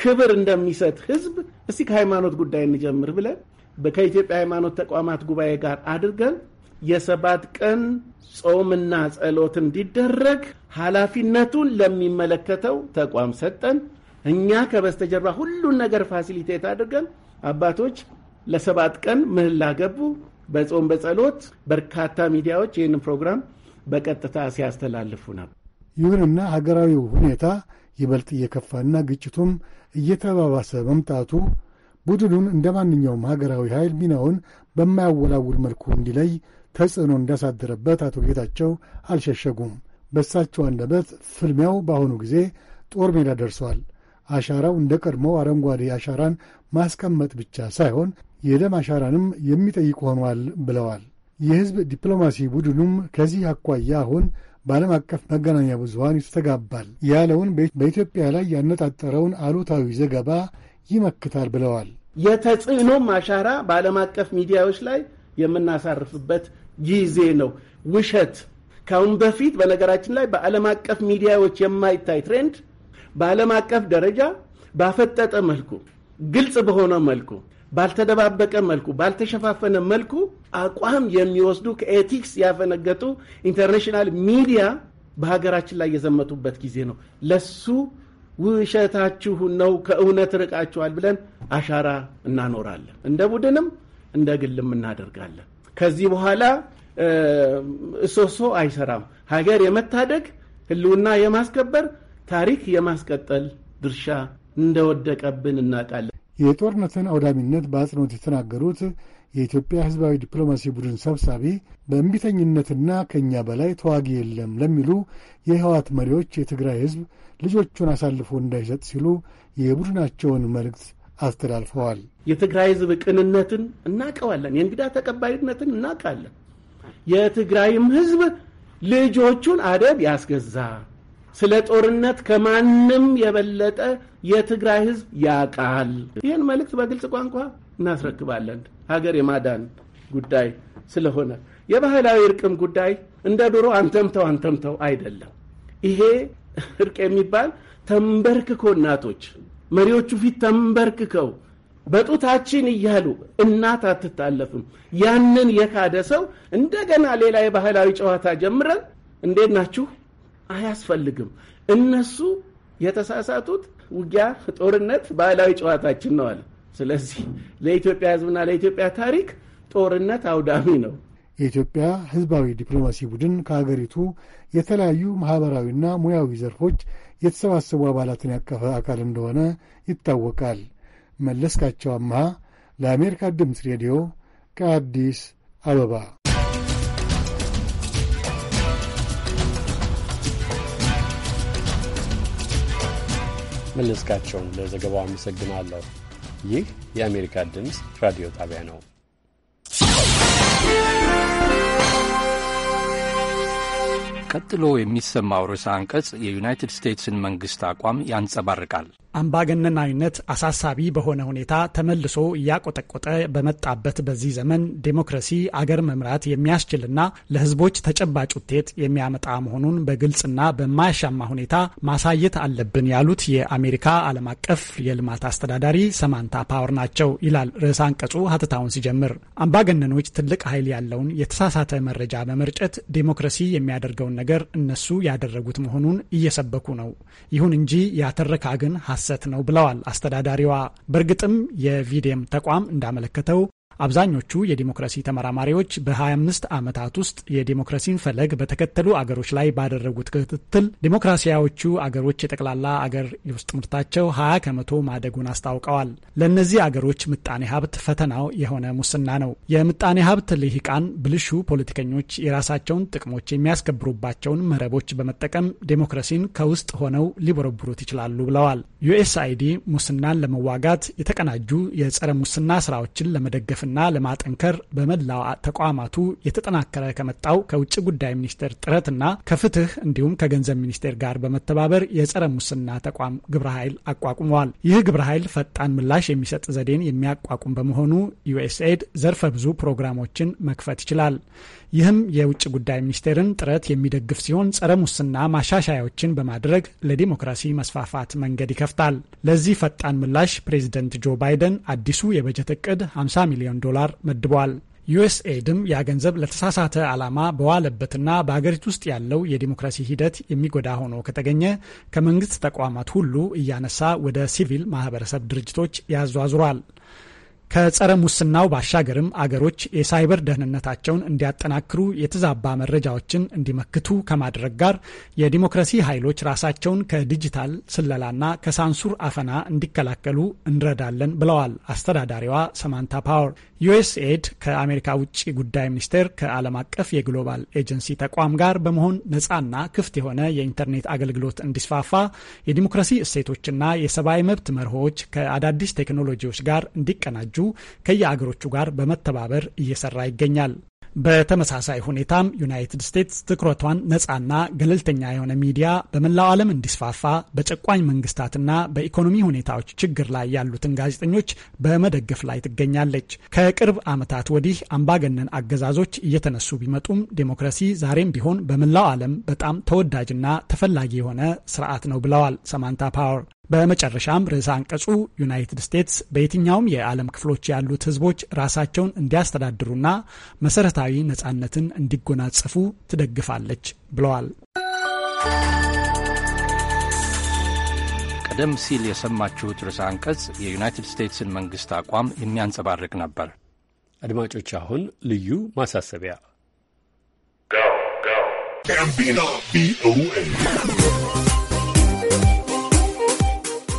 ክብር እንደሚሰጥ ህዝብ እስቲ ከሃይማኖት ጉዳይ እንጀምር ብለን ከኢትዮጵያ ሃይማኖት ተቋማት ጉባኤ ጋር አድርገን የሰባት ቀን ጾምና ጸሎት እንዲደረግ ኃላፊነቱን ለሚመለከተው ተቋም ሰጠን። እኛ ከበስተጀርባ ሁሉን ነገር ፋሲሊቴት አድርገን አባቶች ለሰባት ቀን ምህላ ገቡ። በጾም በጸሎት በርካታ ሚዲያዎች ይህንን ፕሮግራም በቀጥታ ሲያስተላልፉ ነበር። ይሁንና ሀገራዊው ሁኔታ ይበልጥ እየከፋና ግጭቱም እየተባባሰ መምጣቱ ቡድኑን እንደ ማንኛውም ሀገራዊ ኃይል ሚናውን በማያወላውል መልኩ እንዲለይ ተጽዕኖ እንዳሳደረበት አቶ ጌታቸው አልሸሸጉም። በእሳቸው አንደበት ፍልሚያው በአሁኑ ጊዜ ጦር ሜዳ ደርሷል። አሻራው እንደ ቀድሞው አረንጓዴ አሻራን ማስቀመጥ ብቻ ሳይሆን የደም አሻራንም የሚጠይቅ ሆኗል ብለዋል። የህዝብ ዲፕሎማሲ ቡድኑም ከዚህ አኳያ አሁን በዓለም አቀፍ መገናኛ ብዙሀን ይስተጋባል ያለውን በኢትዮጵያ ላይ ያነጣጠረውን አሉታዊ ዘገባ ይመክታል ብለዋል። የተጽዕኖም አሻራ በዓለም አቀፍ ሚዲያዎች ላይ የምናሳርፍበት ጊዜ ነው። ውሸት ከአሁን በፊት በነገራችን ላይ በዓለም አቀፍ ሚዲያዎች የማይታይ ትሬንድ በዓለም አቀፍ ደረጃ ባፈጠጠ መልኩ፣ ግልጽ በሆነ መልኩ፣ ባልተደባበቀ መልኩ፣ ባልተሸፋፈነ መልኩ አቋም የሚወስዱ ከኤቲክስ ያፈነገጡ ኢንተርናሽናል ሚዲያ በሀገራችን ላይ የዘመቱበት ጊዜ ነው። ለሱ ውሸታችሁ ነው ከእውነት ርቃችኋል ብለን አሻራ እናኖራለን። እንደ ቡድንም እንደ ግልም እናደርጋለን። ከዚህ በኋላ እሶሶ አይሰራም። ሀገር የመታደግ ህልውና የማስከበር ታሪክ የማስቀጠል ድርሻ እንደወደቀብን እናውቃለን። የጦርነትን አውዳሚነት በአጽንኦት የተናገሩት የኢትዮጵያ ሕዝባዊ ዲፕሎማሲ ቡድን ሰብሳቢ በእምቢተኝነትና ከእኛ በላይ ተዋጊ የለም ለሚሉ የህወሓት መሪዎች የትግራይ ሕዝብ ልጆቹን አሳልፎ እንዳይሰጥ ሲሉ የቡድናቸውን መልእክት አስተላልፈዋል። የትግራይ ሕዝብ ቅንነትን እናቀዋለን። የእንግዳ ተቀባይነትን እናቃለን። የትግራይም ሕዝብ ልጆቹን አደብ ያስገዛ ስለ ጦርነት ከማንም የበለጠ የትግራይ ህዝብ ያውቃል። ይህን መልእክት በግልጽ ቋንቋ እናስረክባለን። ሀገር የማዳን ጉዳይ ስለሆነ የባህላዊ እርቅም ጉዳይ እንደ ድሮ አንተምተው አንተምተው አይደለም። ይሄ እርቅ የሚባል ተንበርክኮ እናቶች መሪዎቹ ፊት ተንበርክከው በጡታችን እያሉ እናት አትታለፍም። ያንን የካደ ሰው እንደገና ሌላ የባህላዊ ጨዋታ ጀምረን እንዴት ናችሁ አያስፈልግም። እነሱ የተሳሳቱት ውጊያ፣ ጦርነት ባህላዊ ጨዋታችን ነው አለ። ስለዚህ ለኢትዮጵያ ሕዝብና ለኢትዮጵያ ታሪክ ጦርነት አውዳሚ ነው። የኢትዮጵያ ሕዝባዊ ዲፕሎማሲ ቡድን ከሀገሪቱ የተለያዩ ማህበራዊና ሙያዊ ዘርፎች የተሰባሰቡ አባላትን ያቀፈ አካል እንደሆነ ይታወቃል። መለስካቸው አምሃ ለአሜሪካ ድምፅ ሬዲዮ ከአዲስ አበባ መለስካቸውን ለዘገባው አመሰግናለሁ። ይህ የአሜሪካ ድምፅ ራዲዮ ጣቢያ ነው። ቀጥሎ የሚሰማው ርዕሰ አንቀጽ የዩናይትድ ስቴትስን መንግሥት አቋም ያንጸባርቃል። አምባገነናዊነት አሳሳቢ በሆነ ሁኔታ ተመልሶ እያቆጠቆጠ በመጣበት በዚህ ዘመን ዴሞክራሲ አገር መምራት የሚያስችልና ለሕዝቦች ተጨባጭ ውጤት የሚያመጣ መሆኑን በግልጽና በማያሻማ ሁኔታ ማሳየት አለብን ያሉት የአሜሪካ ዓለም አቀፍ የልማት አስተዳዳሪ ሰማንታ ፓወር ናቸው ይላል ርዕሰ አንቀጹ ሀተታውን ሲጀምር። አምባገነኖች ትልቅ ኃይል ያለውን የተሳሳተ መረጃ በመርጨት ዴሞክራሲ የሚያደርገውን ነገር እነሱ ያደረጉት መሆኑን እየሰበኩ ነው። ይሁን እንጂ ያተረካ ግን ሐሰት ነው ብለዋል አስተዳዳሪዋ። በእርግጥም የቪዲም ተቋም እንዳመለከተው አብዛኞቹ የዲሞክራሲ ተመራማሪዎች በ25 ዓመታት ውስጥ የዲሞክራሲን ፈለግ በተከተሉ አገሮች ላይ ባደረጉት ክትትል ዲሞክራሲያዎቹ አገሮች የጠቅላላ አገር የውስጥ ምርታቸው 20 ከመቶ ማደጉን አስታውቀዋል። ለእነዚህ አገሮች ምጣኔ ሀብት ፈተናው የሆነ ሙስና ነው። የምጣኔ ሀብት ልሂቃን ብልሹ ፖለቲከኞች የራሳቸውን ጥቅሞች የሚያስከብሩባቸውን መረቦች በመጠቀም ዲሞክራሲን ከውስጥ ሆነው ሊቦረብሩት ይችላሉ ብለዋል። ዩኤስአይዲ ሙስናን ለመዋጋት የተቀናጁ የጸረ ሙስና ስራዎችን ለመደገፍ ለማስፋትና ለማጠንከር በመላ ተቋማቱ የተጠናከረ ከመጣው ከውጭ ጉዳይ ሚኒስቴር ጥረትና ከፍትህ እንዲሁም ከገንዘብ ሚኒስቴር ጋር በመተባበር የጸረ ሙስና ተቋም ግብረ ኃይል አቋቁመዋል። ይህ ግብረ ኃይል ፈጣን ምላሽ የሚሰጥ ዘዴን የሚያቋቁም በመሆኑ ዩኤስኤድ ዘርፈ ብዙ ፕሮግራሞችን መክፈት ይችላል። ይህም የውጭ ጉዳይ ሚኒስቴርን ጥረት የሚደግፍ ሲሆን ጸረ ሙስና ማሻሻያዎችን በማድረግ ለዲሞክራሲ መስፋፋት መንገድ ይከፍታል። ለዚህ ፈጣን ምላሽ ፕሬዚደንት ጆ ባይደን አዲሱ የበጀት እቅድ 50 ሚሊዮን ዶላር መድበዋል። ዩኤስኤድም ያ ገንዘብ ለተሳሳተ ዓላማ በዋለበትና በሀገሪቱ ውስጥ ያለው የዲሞክራሲ ሂደት የሚጎዳ ሆኖ ከተገኘ ከመንግስት ተቋማት ሁሉ እያነሳ ወደ ሲቪል ማህበረሰብ ድርጅቶች ያዟዙሯል። ከጸረ ሙስናው ባሻገርም አገሮች የሳይበር ደህንነታቸውን እንዲያጠናክሩ፣ የተዛባ መረጃዎችን እንዲመክቱ ከማድረግ ጋር የዲሞክራሲ ኃይሎች ራሳቸውን ከዲጂታል ስለላና ከሳንሱር አፈና እንዲከላከሉ እንረዳለን ብለዋል አስተዳዳሪዋ ሰማንታ ፓወር። ዩኤስኤድ ከአሜሪካ ውጭ ጉዳይ ሚኒስቴር ከዓለም አቀፍ የግሎባል ኤጀንሲ ተቋም ጋር በመሆን ነፃና ክፍት የሆነ የኢንተርኔት አገልግሎት እንዲስፋፋ የዲሞክራሲ እሴቶችና የሰብአዊ መብት መርሆዎች ከአዳዲስ ቴክኖሎጂዎች ጋር እንዲቀናጁ ከየአገሮቹ ጋር በመተባበር እየሰራ ይገኛል። በተመሳሳይ ሁኔታም ዩናይትድ ስቴትስ ትኩረቷን ነፃና ገለልተኛ የሆነ ሚዲያ በመላው ዓለም እንዲስፋፋ በጨቋኝ መንግስታትና በኢኮኖሚ ሁኔታዎች ችግር ላይ ያሉትን ጋዜጠኞች በመደገፍ ላይ ትገኛለች። ከቅርብ ዓመታት ወዲህ አምባገነን አገዛዞች እየተነሱ ቢመጡም ዴሞክራሲ ዛሬም ቢሆን በመላው ዓለም በጣም ተወዳጅና ተፈላጊ የሆነ ስርዓት ነው ብለዋል ሰማንታ ፓወር። በመጨረሻም ርዕሰ አንቀጹ ዩናይትድ ስቴትስ በየትኛውም የዓለም ክፍሎች ያሉት ህዝቦች ራሳቸውን እንዲያስተዳድሩና መሰረታዊ ነጻነትን እንዲጎናጸፉ ትደግፋለች ብለዋል። ቀደም ሲል የሰማችሁት ርዕሰ አንቀጽ የዩናይትድ ስቴትስን መንግስት አቋም የሚያንጸባርቅ ነበር። አድማጮች፣ አሁን ልዩ ማሳሰቢያ ጋቢና ቪኦኤ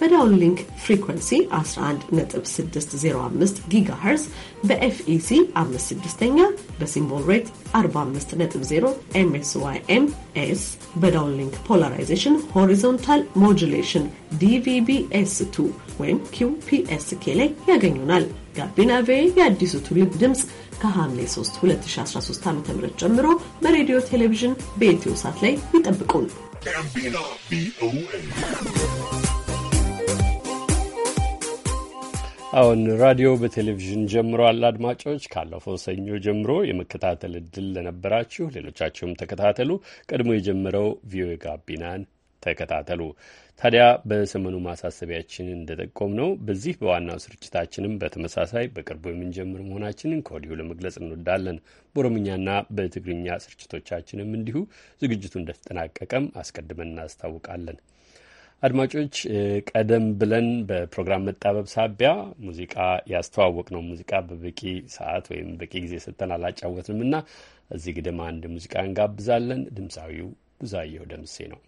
በዳውን ሊንክ ፍሪኩንሲ 11605 ጊጋሄርዝ በኤፍኢሲ 56ኛ በሲምቦል ሬት 450 ምስዋኤምኤስ በዳውን ሊንክ ፖላራይዜሽን ሆሪዞንታል ሞጁሌሽን ዲቪቢኤስ2 ወይም ኪውፒኤስኬ ላይ ያገኙናል። ጋቢና ቬ የአዲሱ ትውልድ ድምፅ ከሐምሌ 3 2013 ዓ ም ጀምሮ በሬዲዮ ቴሌቪዥን በኢትዮ ሳት ላይ ይጠብቁን። አሁን ራዲዮ በቴሌቪዥን ጀምሯል። አድማጮች ካለፈው ሰኞ ጀምሮ የመከታተል እድል ለነበራችሁ ሌሎቻችሁም ተከታተሉ። ቀድሞ የጀመረው ቪኦኤ ጋቢናን ተከታተሉ። ታዲያ በሰሞኑ ማሳሰቢያችን እንደጠቆም ነው በዚህ በዋናው ስርጭታችንም በተመሳሳይ በቅርቡ የምንጀምር መሆናችንን ከወዲሁ ለመግለጽ እንወዳለን። በኦሮምኛና በትግርኛ ስርጭቶቻችንም እንዲሁ ዝግጅቱ እንደተጠናቀቀም አስቀድመን እናስታውቃለን። አድማጮች ቀደም ብለን በፕሮግራም መጣበብ ሳቢያ ሙዚቃ ያስተዋወቅ ነው ሙዚቃ በበቂ ሰዓት ወይም በቂ ጊዜ ሰጥተን አላጫወትንም እና እዚህ ግድም አንድ ሙዚቃ እንጋብዛለን። ድምፃዊው ብዙአየሁ ደምሴ ነው።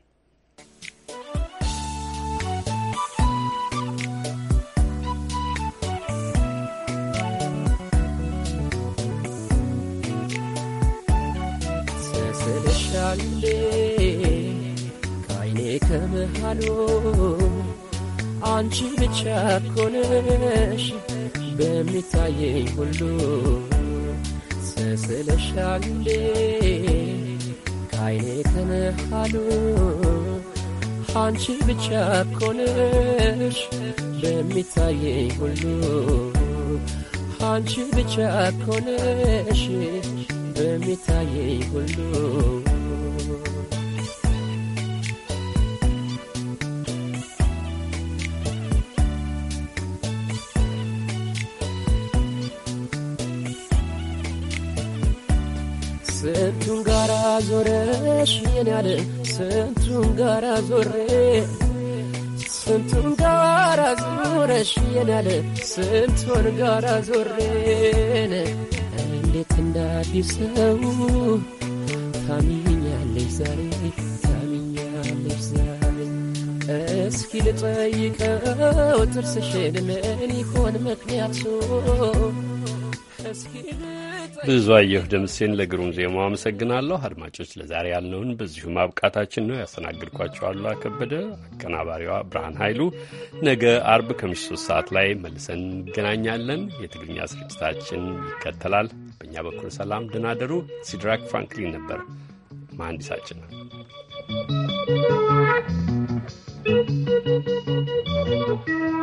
Sesele በመሃሉ አንቺ ብቻ ኮነሽ በሚታየኝ ሁሉ ሰስለሻሌ ካይኔ ተነሃሉ አንቺ ብቻ ኮነሽ በሚታየኝ ሁሉ አንቺ ብቻ ኮነሽ በሚታየኝ ሁሉ ዞረሽ የናለ ስንቱን ጋራ ዞሬ ስንቱን ጋራ ዞረሽ የናለ ስንቱን ጋራ ዞሬን እንዴት እንዳዲስ ሰው ታሚኛለሽ ዛሬ ታሚኛለሽ ዛሬ እስኪ ልጠይቀው ጥርስሽን ምን ይሆን ምክንያቱ እስኪ ልጠይቀው ብዙ አየሁ ደምሴን ለግሩም ዜማው አመሰግናለሁ። አድማጮች ለዛሬ ያልነውን በዚሁ ማብቃታችን ነው። ያስተናግድኳቸው አከበደ፣ ከበደ፣ አቀናባሪዋ ብርሃን ኃይሉ። ነገ አርብ ከምሽቱ ሶስት ሰዓት ላይ መልሰን እንገናኛለን። የትግርኛ ስርጭታችን ይከተላል። በእኛ በኩል ሰላም ድናደሩ። ሲድራክ ፍራንክሊን ነበር መሐንዲሳችን።